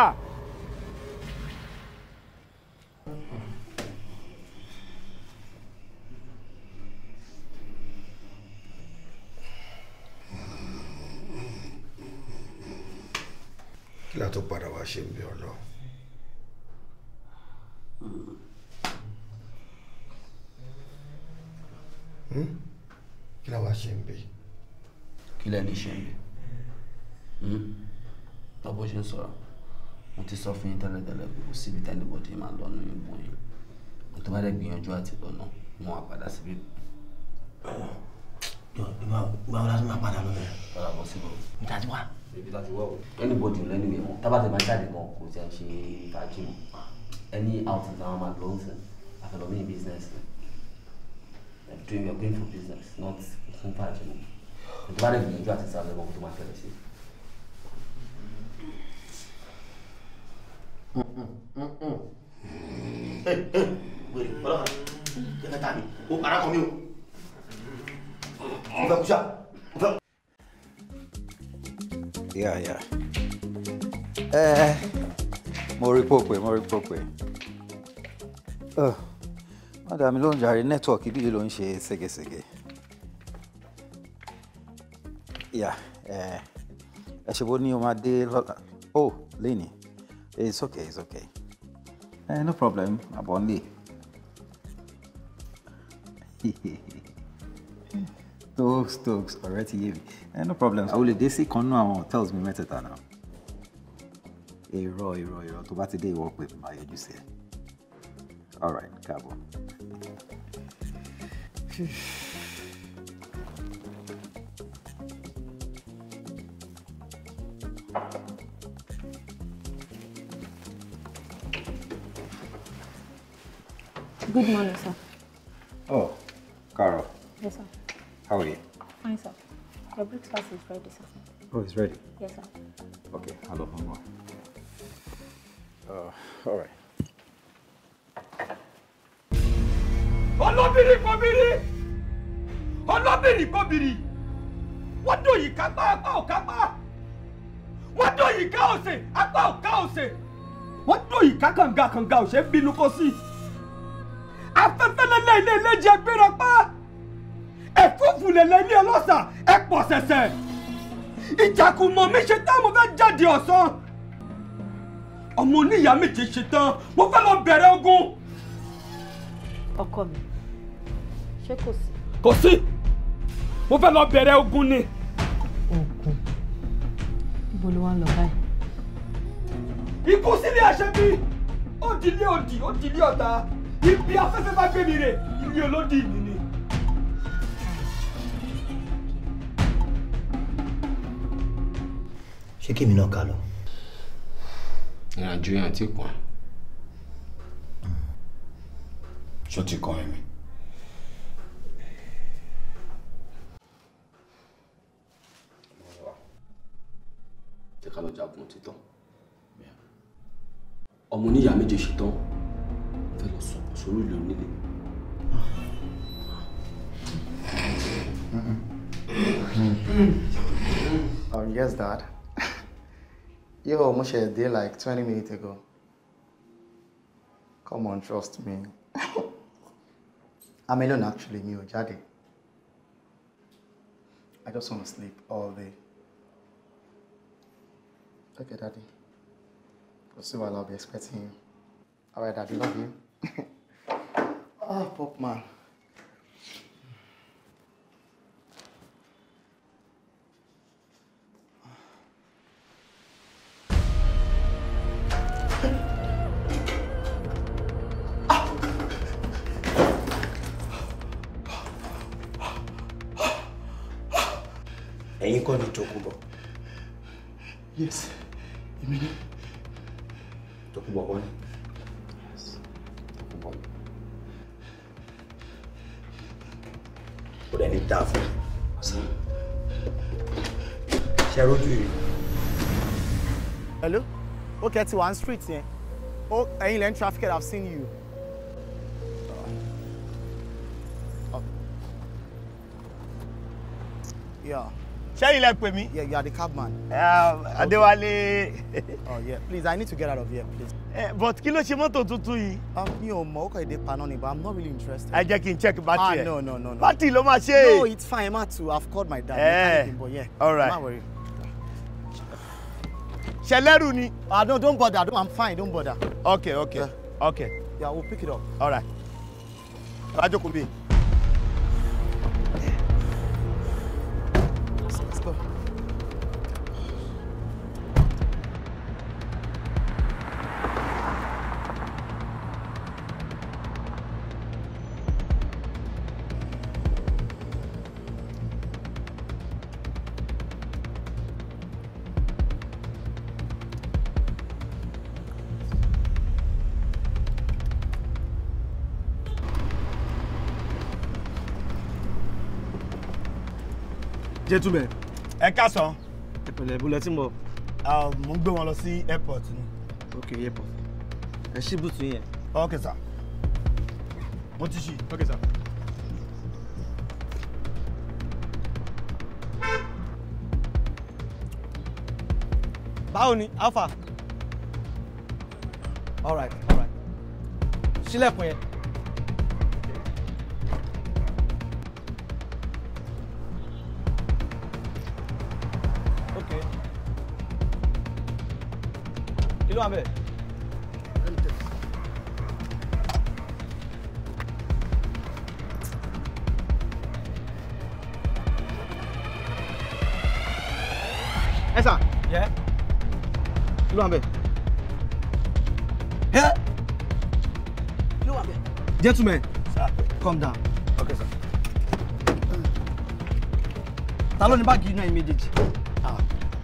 Speaker 2: kí la tó padà wá ṣe ń bí ọ̀nà. Hmm? kí la wá ṣe ń bí. kí lẹ ní ṣe ń bí lọ́bọ̀ ṣe ń sọ̀rọ̀ mo ti sọ fún yín tẹ́lẹ̀tẹ́lẹ̀ pé kò síbi tẹ́lẹ̀bọ̀dé máa lọ nínú ìbọn yìí mo tó bá dẹ̀ gbìyànjú àti lọ́nà wọn á padà síbi ìgbà wo la tún máa padà lọ rẹ. padà bọ̀ síbò. níta ti wá ebi láti wọ́ o. anybody ò lẹ́nu ìwé wọn tábàtì máa jáde gan kò tí ṣe fàájì mọ́ any outing táwọn máa lọ sí àfẹlọ́mí business doing your going for business not fún fàájì mọ́ kò tó bá lè gbìyànjú àti sáré lọ́wọ́ kó tó máa tẹ̀lé sí wèrè ọlọ́kadà jẹ́ kẹta mi o ara mi o ìfẹ́ kúṣà yeah, yeah. Eh, mo rí pópè, mo Oh, madam, you don't mí ló network. You don't bí ló ń ṣe Yeah, eh, I should bó ní o máa Oh, Lenny, it's okay, it's okay. Eh, no problem, àbọ̀ ń Hehehe. Stokes, Stokes, already ti Eh, no problem. I will see. sí tells me àwọn hotels mi Hey, Roy, Roy, Roy. tó what ti work with? my you say? All cabo.
Speaker 3: Good morning, sir. He's ready, sir. Oh, he's ready? Yes, sir. Okay, I love him more. Uh, all right.
Speaker 2: Olóbìnrin kọ́bìnrin! Olóbìnrin kọ́bìnrin! Wọ́n dùn yìí kápá apá ò kápá! Wọ́n dùn yìí ká òsè apá ò ká òsè! Wọ́n dùn yìí ká kànga kànga ò ṣe é bínú kó sí! Afẹ́fẹ́ lẹ́lẹ́ ilé ilé jẹ gbéra pa! Ẹ̀fúùfù lẹ̀lẹ́ ilé ọlọ́sà ẹ̀ pọ̀ sẹ̀sẹ̀! ìjàkùmọ̀ mi ṣe tán mo fẹ́ jáde ọ̀sán ọmọ oníyàá méje ṣe tán mo fẹ́ lọ bẹ̀rẹ̀ ogun. ọkọ mi ṣé kò sí. kò sí mo fẹ́ lọ bẹ̀rẹ̀ ogun ni. ogun ibo ló wá lọ báyìí. ikú sílé àṣẹbí ó dilé òdì ó dilé ọ̀tá ibi afẹ́fẹ́ bá gbé mi rè ilé olódì ni.
Speaker 1: ṣé kí mi náà kà lọ.
Speaker 2: ìrìnàjò yẹn ti kàn ṣó ti kàn ẹ̀mí. jẹ́ ká lọ jagun títàn ọmọ oníyàá méje ṣetán fẹ́ lọ sọ̀pọ̀ sórí ìlú onílé. Oh, yes, Dad. Yo, Moshe, they like 20 minutes ago. Come on, trust me. I'm alone actually, mi ò jáde. I just want to sleep all day. Okay, Daddy. We'll see what I'll be expecting you. All right, Daddy, love you.
Speaker 3: oh, ah,
Speaker 2: Pop man. ẹ̀yin kọ́
Speaker 3: ni yes èmi ni.
Speaker 2: Tòkunbọ̀ kọ́ ni. yes Tòkunbọ̀. ó dẹ̀ ní dáa fún un. ṣe rojú yìí. hello ó kẹ́ ti wà ní street yẹn ó oh, ẹ̀yin lẹ́nu traffic i have seen you. ṣẹ́yìn lẹ pè me? yeah you are the cabman. Um, Adéwálé. oh yeah please I need to get out of here please. Uh, but kilo ló ṣe mọ́tò tuntun yìí. Um, mi ò mọ ọkọ̀ èdè paná ni but I'm not really interested. I jẹ́ kí check battery ah no no no. no. battery ló máa ṣe. no it's fine ma too I've called my dad. ẹ eh, ẹ
Speaker 1: yeah. all right. don't worry.
Speaker 2: ṣẹlẹ́rù ni. ah no don't bother I'm fine don't bother. okay okay yeah. okay. yeah we'll pick it up. all right. alájókòó bíi. Desculpa. Gentlemen, ẹ káàsán. ìpìlẹ̀ ìbúlẹ̀ tí mo. mo ń gbé wọn lọ sí airport ni. ok airport ẹ ṣí bùtù yẹn. ok sir mo ti ṣí. ok sir. báwo ni alpha all right all right sílẹ̀kùn yẹn. wà bẹ́ẹ̀. ẹ sà. yẹ. kí ló Yeah. bẹ́ẹ̀. yẹ. gentlemen. sir. calm down. okay sir. ta ló ní báàgì iná ẹ méjèèjì.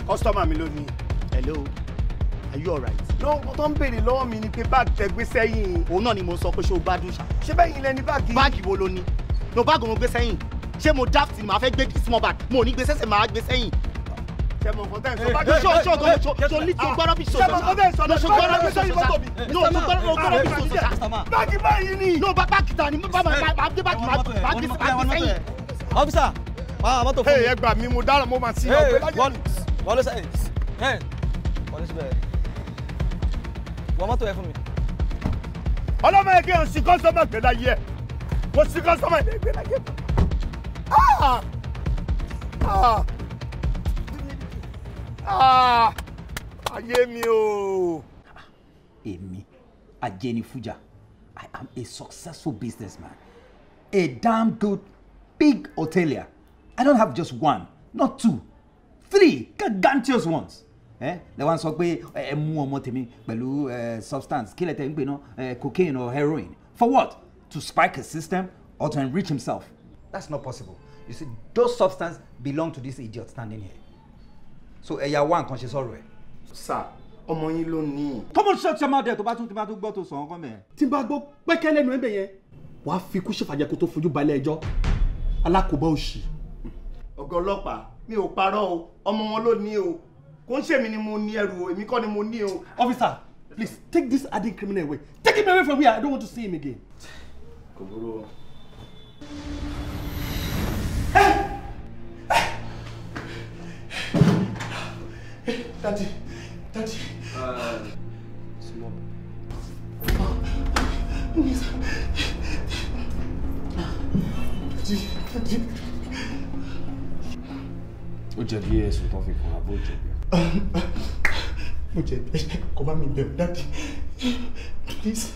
Speaker 2: kọ́sítọ́mà mi hello are you alright. lọ tó ń béèrè lọ́wọ́ mi ni pé báàgì tẹ gbé sẹ́yìn. òun náà ni mo sọ pé ṣé o gbádùn ṣá. ṣé bẹ́yìn lẹni báàgì. báàgì wo ló ní lo báàgì mo gbé sẹ́yìn ṣé mo daft ni màá fẹ́ gbé small bag mo ò ní gbé sẹ́sẹ̀ màá gbé sẹ́yìn sẹ́mọ̀ kọ́tẹ́ sọ bá jẹ́ sọ́ọ́ sọ́ọ́ gan so ní tó gbọ́dọ̀ bí sọ́ọ́ sọ́ọ́ sọ́ọ́ sọ́ọ́ gbọ́dọ̀ bí sọ́ọ́ sọ́ọ́ no tó gbọ́dọ̀ gbọ́dọ̀ bí sọ́ọ́ sọ́ọ́ báàgì báyìí ni. no báàgì ta ni bá máa gbé báàgì máa gbé sẹ́yìn. ọ́físà máa ah, mọ́tò fún mi. ẹ gbà mí mo dára mo máa sí ọgbẹ́ lájẹ́. wọ́n lọ sẹ́yìn wọ́n lọ síbẹ̀ wọ mọ́tò ẹ fún mi. ọlọ́mọ ẹgbẹ́ ò sí kọ́sọ́mọ̀ gbẹ̀dá yẹ kò sí kọ́sọ́mọ̀ ẹgbẹ́ gbẹ̀dá yẹ. ayé mi o. èmi Ajeni I am a successful businessman a damn good big hotelier I don't have just one not two three gargantuous ones ẹ lẹ wá ń sọ pé eh, ẹ mú ọmọ tèmi pẹ̀lú eh, substance kí lẹ tẹ̀ ń pè náà eh, cocaine or heroin for what to spike his system or to enrich himself. that's not possible you see those substances belong to this idiot standing here so ẹ̀yà wá nǹkan ṣe sọ̀rọ̀ ẹ̀. sir ọmọ yín ló ní. come on shut your mouth there tó bá tún tó bá tún gbọ́ tó sàn ọkọ mẹ́. tí n bá gbọ́ pẹ́kẹ́ lẹ́nu ẹ̀ bẹ̀ yẹn wàá fi kú ṣèfàjẹ́ kó tó fojú balẹ̀ ẹjọ́ alákòóbá òṣì. ọ̀gá ọlọ́pàá mi ò parọ́ o ọmọ wọn ló ní o kò ń ṣèmi ni mo ní ẹrù èmi kọ́ ni mo ní o. officer please take this adding criminal away take him away from here i don't want to see him again.
Speaker 1: kò burú o. dadi
Speaker 3: dadi. dadi dadi
Speaker 2: ó jẹ̀bi ẹ̀sùn tó fi kàn àbó ìjẹ̀bi. mo jẹ̀bi kò bá mi bẹ̀rù dáàdi please.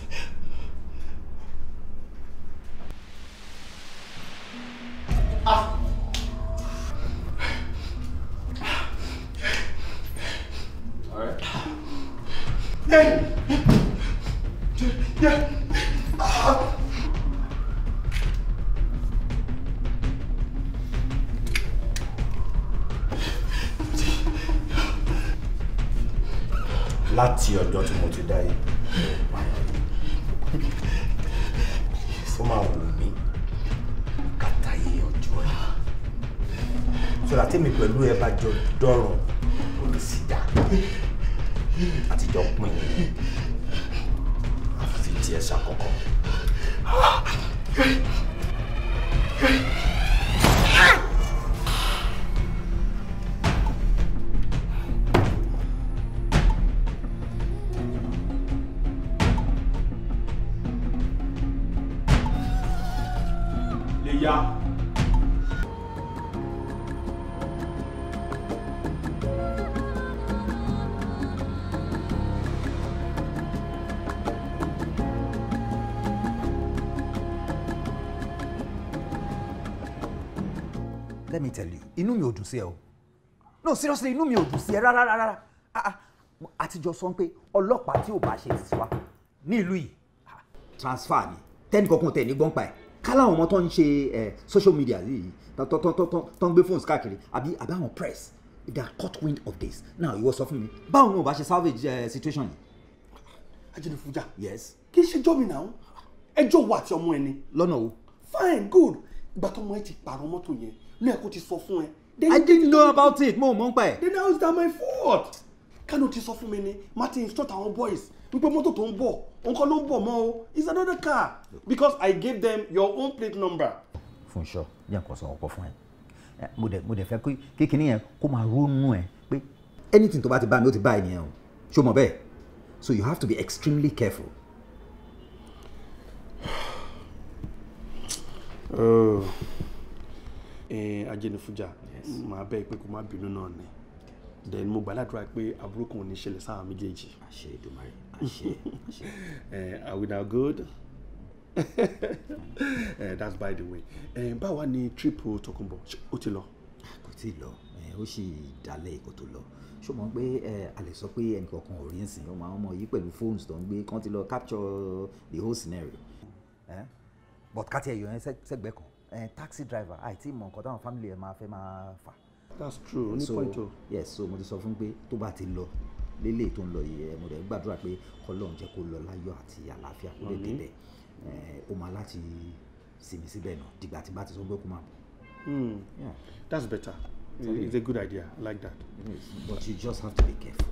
Speaker 2: sí o no seriously inú mi ò dùn sí ẹ rárá rárá àtijọ́ ah, ah. sọ pé ọlọ́pàá tí ò bá ṣe ti wá ní ìlú yìí ah, transfer ni tẹ́nì kankan tẹ̀ ní gbọ́npa ẹ̀ kálá àwọn ọmọ tó ń ṣe eh, social media yìí tó ń gbé phones káàkiri àbí àwọn press they are caught wind of this now ìwọ sọ fún mi báwo ni o bá ṣe salvage eh, situation yìí. ajẹnifuja yes kì í ṣe jọ́mi náà ẹjọ́ wo àti ọmọ ẹni. lọ́nà o. fine good ìgbà tó ọmọ ẹ ti pààrọ̀ mọ́tò yẹn lóyè kó ti sọ fún ẹ Then I didn't know about it. Mo mọ̀ ń pa ẹ̀. Then how is that my fault? Kano ti sọ fún mi ni Martin instruct our boys wípé mọ́tò tó ń bọ̀ nǹkan ló ń bọ̀ mọ́ o it's another car because I gave them your own plate number. Fúnṣọ́ yẹ nǹkan sọ ọ̀pọ̀ fún ẹ mo dẹ̀ mo dẹ̀ fẹ́ kí kinní yẹn kó máa ronú ẹ pé anything tó bá ti bá mi ó ti bá ẹ o ṣó mọ̀ bẹ́ẹ̀ so you have to be extremely careful.
Speaker 1: Oh
Speaker 2: ajẹnifujà màá bẹ́ẹ̀ pé kó má bínú náà ni then mo gbàdúrà pé aburú kan ò ní ṣẹlẹ̀ sáà méjèèjì. àṣẹ Èdùmàrè àṣẹ eh, are we now good? uh, that's by the way. Eh, báwa ni trip Tòkunbọ̀ ó ti lọ. kò tí ì lọ ó sì dalẹ̀ kó tó lọ ṣó mọ̀ pé a lè sọ pé ẹnìkọ̀ọ̀kan ò rí nsìn ọmọ àwọn ọmọ yìí pẹ̀lú phones tó ń gbé kán ti lọ capture the whole scenario but ká tiẹ̀ yọ yẹn sẹ́gbẹ̀ẹ́ kan eh, taxi driver àìtí mọ̀ nǹkan táwọn family ẹ̀ máa fẹ́ máa fà. that's true ní point o. yes so mo ti sọ fún pé tó bá ti lọ lélẹ̀ tó ń lọ yìí ẹ̀ eh, mo rẹ̀ gbàdúrà pé kọ́lọ́run jẹ́ kó lọ láyọ̀ àti àlàáfíà kó lè débẹ̀ eh, ó máa láti sinmi síbẹ̀ náà dìgbà tí bá ti sọ pé kó máa bọ̀. Hmm. that's better it's, it's a good idea I like that. Yes, but you just have to be careful.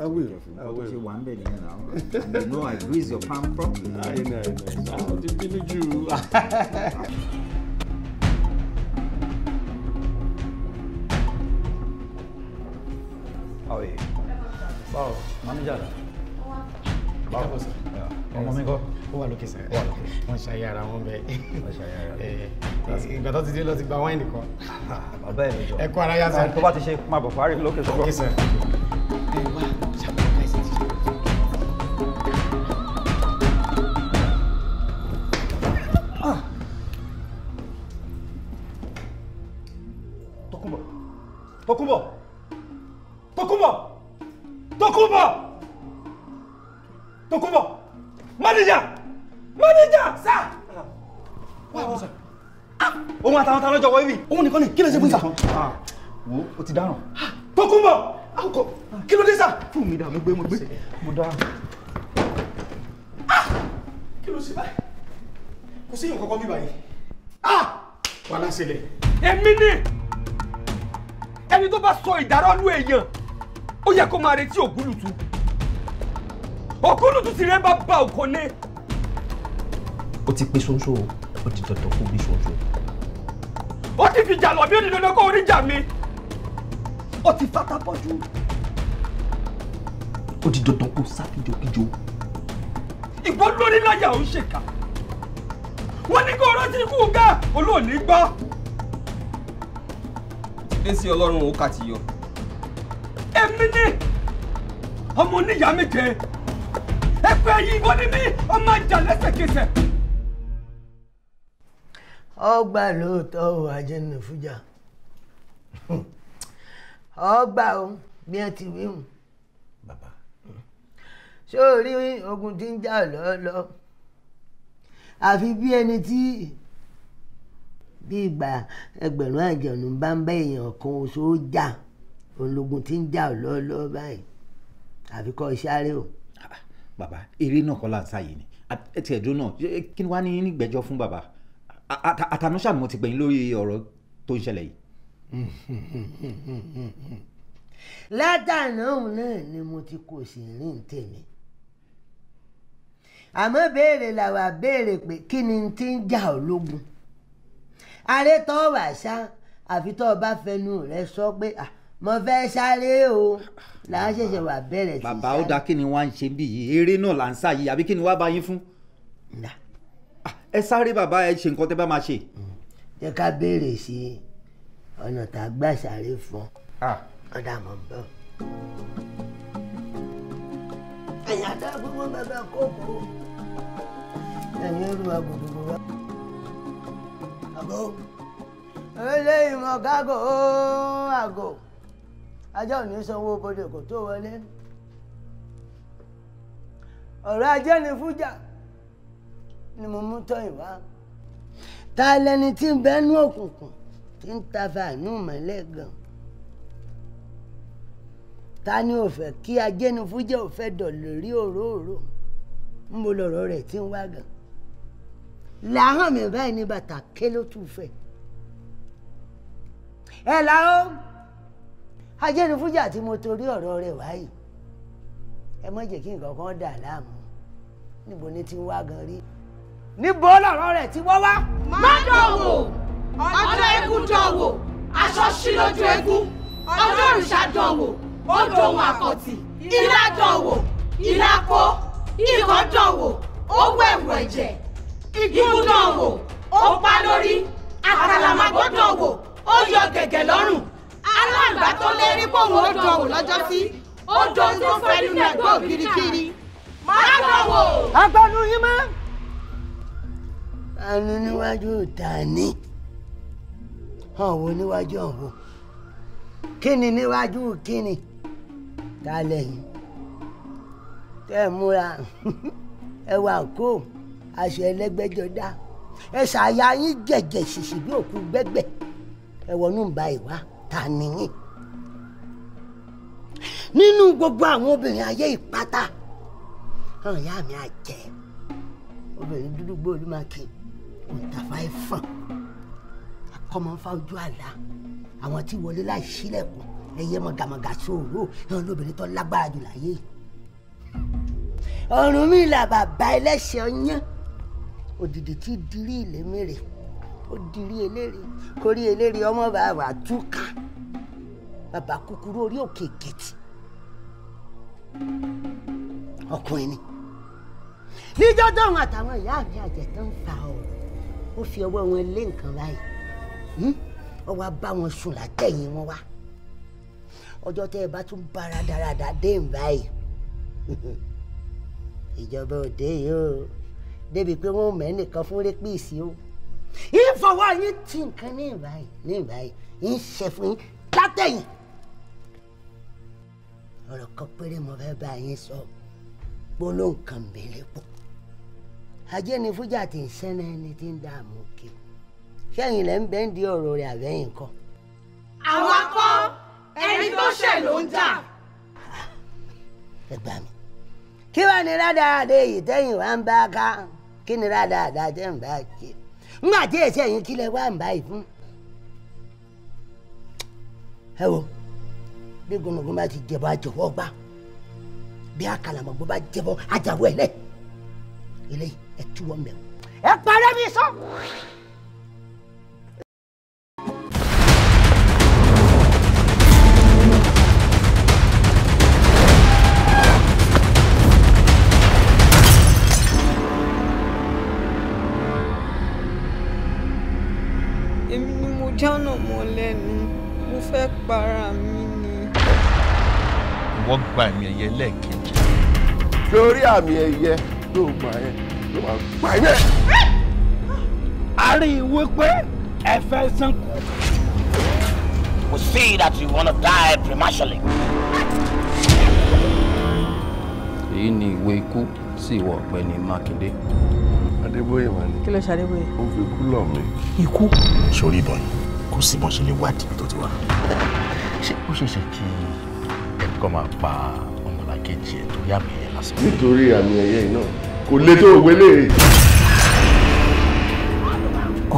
Speaker 2: I will. I will. Ṣé wà
Speaker 1: you know I grease your palm properly. I know, I know. Àwọn ah, ti bínú jù.
Speaker 2: How Báwo, mami jà ní. Báwo sọ. Ọmọ mi kọ́. Ó wà lókè sẹ́yìn. Ó wà lókè. Wọ́n ṣe ayé ara wọn bẹ́ẹ̀. Wọ́n ṣe ayé ara wọn. Ìgbà tó ti dé lọ ti gba wáìnì kan. Bàbá ẹ̀ mi jọ. Ẹ kó ara yá sọ. Tó bá ti ṣe máa bọ̀ parí lókè sọ́kọ̀. Lókè sẹ́yìn. Ẹ wá. máa retí ògúlùtù ògúlùtù ti rẹ́ bá bá òkò lé. ó ti pé ṣoṣo ó ti dandan kó bí ṣoṣo. ó ti fi jà lọ bí ó di dandan kó oríjà mi ó ti fata pọ̀jù ó di dandan kó sá kíjokíjo. ìwọ lórí láyà ò ń ṣèkà wọ́n ní kó rántí ikú ga olóòní gbọ́. ti dé sí ọlọ́run ó kà ti yọ. èmi ni ọmọ oníyàá méje ẹ pé ẹyin ìwọ ni mí ọmọ ajá lẹ́sẹ̀kẹsẹ̀.
Speaker 1: ọgbà lóòótọ́ o àjẹnù fújà ọgbà o bí ẹ ti wí hùn. bàbá. ṣé o rí ogun tí ń jà lọ́ọ́lọ́ àfi bí ẹni tí bí ìgbà ẹgbẹ̀rún àjọ̀nù bá ń bá èèyàn kan oṣù ó jà ológun tí ń jà lọ́ọ́lọ́ báyìí àfi kọ́ iṣẹ́ àárẹ̀ o. Ah,
Speaker 2: bàbá eré náà kọ́ láǹsá yìí ni ẹ tiẹ̀ dún náà kí ni wàá ní nígbẹ́jọ́ fún bàbá àtànúṣà ni mo ti gbẹ̀yìn lórí ọ̀rọ̀ tó ń ṣẹlẹ̀ yìí.
Speaker 1: látàná òun náà ni mo ti kò sí rìn tèmi àmọ́ béèrè làwà béèrè pé kí ni ti ń jà ọ́ lógun àrètọ́ wàṣà àfi tó o bá fẹnu rẹ sọ pé ah mo fẹ́ sáré o là á ṣẹ̀ṣẹ̀ wà bẹ̀rẹ̀ sí sáré.
Speaker 2: bàbá ó dáa kí ni wàá ń ṣe bí yìí eré náà là ń sá yìí àbí kí ni wàá bá yín fún. Ah, ẹ sáré bàbá ẹ ṣe nǹkan tẹ bá máa ṣe. Mm.
Speaker 1: jẹ́ ká béèrè sí ọ̀nà tá a gbà sáré fún ah. ọ̀dà mọ̀ ń bọ̀. ẹ̀yà dá gbogbo bàbá kókó ẹ̀yìn ẹ̀rù agbègbè wa. àgọ́ eléyìí mọ̀ kágò ó àgọ́ ajá ò ní sanwó bodè kò tó wọlé ọ̀rọ̀ ajé ni fújà ni mo mú tọ́ ìwá ta lẹni tí ń bẹnu òkùnkùn tí ń ta fàánú mọ́lẹ̀ gan ta ni ò fẹ́ kí ajé ni fújà ò fẹ́ dọ̀ lórí òróòró ń bo lọ̀rọ̀ rẹ̀ tí ń wá gan làáhàn mi báyìí ní bàtà ké ló tù fẹ́ ẹ làá ajẹ́rìífújà tí mo torí ọ̀rọ̀ rẹ̀ wáyìí ẹ má jẹ́ kí nǹkan kan dà láàmú níbo ni ti wá gan rí níbo lọ̀rọ̀ rẹ̀ ti wọ́ wá. má dọ̀wò
Speaker 3: ọjọ́ eégún dọ̀wò
Speaker 1: aṣọ sí lójú eégún
Speaker 3: ọjọ́ òrìṣà dọ̀wò ó dohun àkọ́tì ilá dọ̀wò ilá kó ikọ̀ dọ̀wò ó wẹ̀wù ẹ̀jẹ̀ igun dọ̀wò ó pa lórí àkàlà màgbọ́ ó yọ gẹ̀gẹ̀ lọ́rùn aláǹgbá tó lérí bòun ó dán òun lọ́jọ́ sí ó dán tó fẹ́ nínú ẹgbẹ́ kiri
Speaker 1: má dán wò. agbanu yín mọ́. àánú níwájú tani ọ̀wọ́ níwájú ọ̀wọ́ kíni níwájú kíni ta lẹ́yìn tẹ́ ẹ múra ẹwà kó aṣọ ẹlẹ́gbẹ́jọdá ẹ ṣàyà yín jẹ̀jẹ̀ ṣìṣì bí òkú gbẹ́gbẹ́ ẹ wọnú ń ìwà ta nìyí nínú gbogbo àwọn obìnrin ayé ìpátá àwọn ya mi àjẹ́ obìnrin dúdú gbòòlù máa kí òǹtàfà ẹ̀fọn akọ́mọ ń fa ojú àlá àwọn tí wọlé láì sílẹ̀kùn ẹyẹ mọ̀gàmọ̀gà sòrò náà lóbìnrin tó lágbára jù láyé yìí Ọ̀rúnmìlà bàbá ẹlẹ́sẹ̀ ọyán òdìdí tí dirí ilé mèrè ó dirí eléèrè kórí eléèrè ọmọ bàbá túká bàbá kúkúrú orí òkè èkìtì ọkùnrin ni níjọ́ tóun àtàwọn ìyá mi àjẹtọ́ ń fa ọ̀rọ̀ ó fi ọwọ́ wọn lé nǹkan báyìí ó wá bá wọn sùn látẹ̀yìn wọn wá ọjọ́ tẹ́ ẹ bá tún bára dáradá dé ń báyìí ìjọba òde yìí ó débi pé wọ́n mẹ́nìkan fún rẹ́pìsì o ìfọwọ́ yín ti nǹkan ní ìbáyìí ní ìbáyìí ń ṣe fún yín látẹ̀yìn. ọ̀rọ̀ kan péré mo fẹ́ bá yín sọ gbólóhùn kan bèlè pọ̀ ajé ni fújà tí ń sẹ́nà ẹni tí ń dààmú òkè sẹ́yìn lẹ́ ń bẹ́ ń di ọ̀rọ̀ rẹ̀ àbẹ́yìn kan.
Speaker 3: àwa kọ́ ẹni tó ṣẹ̀ ló ń jà.
Speaker 1: ẹ gbà mí kí wàá ní rádàá àdé yìí tẹ́yìn wá ń bá a ká kí ni rádàá àdá tẹ́yìn bá a jẹ́ ńgbà tí ẹsẹ yín kí lẹ wá ń báyìí fún. ẹ wo bí gbọmọgbọmọ bá ti jẹbọ àjọwọ gbà bí àkàlàmọgbọ bá jẹbọ àjàwọ ẹlẹ eléyìí ẹ túwọ mẹ ẹ parẹ́ mi sọ.
Speaker 3: jánà mọ́ lẹ́nu mo fẹ́ para mi ni. wọ́n gba àmì ẹ̀yẹ lẹ́ẹ̀kejì. lórí àmì ẹ̀yẹ ló gbà ẹ́ ló máa gbà ẹ́.
Speaker 2: a rí i ẹ fẹ́ sánkù. We see that you wanna die prematurely. èyí ni ìwé ikú sí ìwọ ọ̀gbẹ́ni mákindé. adébóyè wà ní.
Speaker 3: kí ló ṣe adébóyè.
Speaker 2: ó fi kú lọ mi. ikú. sórí ìbọn yìí kò sí bọ́n ṣe lè wádìí ibi tó ti wà. ṣé ó ṣeéṣe kí ẹ̀kọ́ máa pa ọmọlàkejì ẹ̀ tó yàmì ẹ̀yẹ lásìkò. nítorí àmì ẹ̀yẹ yìí náà kò lè tó òwe lè.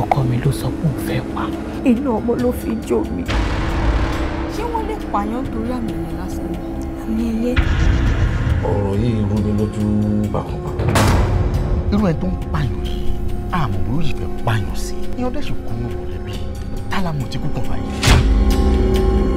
Speaker 3: ọkọ mi ló sọ pé òun fẹ́ wá iná ọmọ ló fi jó mi. ṣé wọ́n lè pààyàn torí àmì ẹ̀yẹ lásìkò? àmì ẹ̀yẹ.
Speaker 2: ọ̀rọ̀ yìí rú mi lójú bákanbákan. irú ẹ tó ń pààyàn àmọ̀ bó ló pààyàn sí i. ìyọ̀dẹ̀ ṣe đã là một chiếc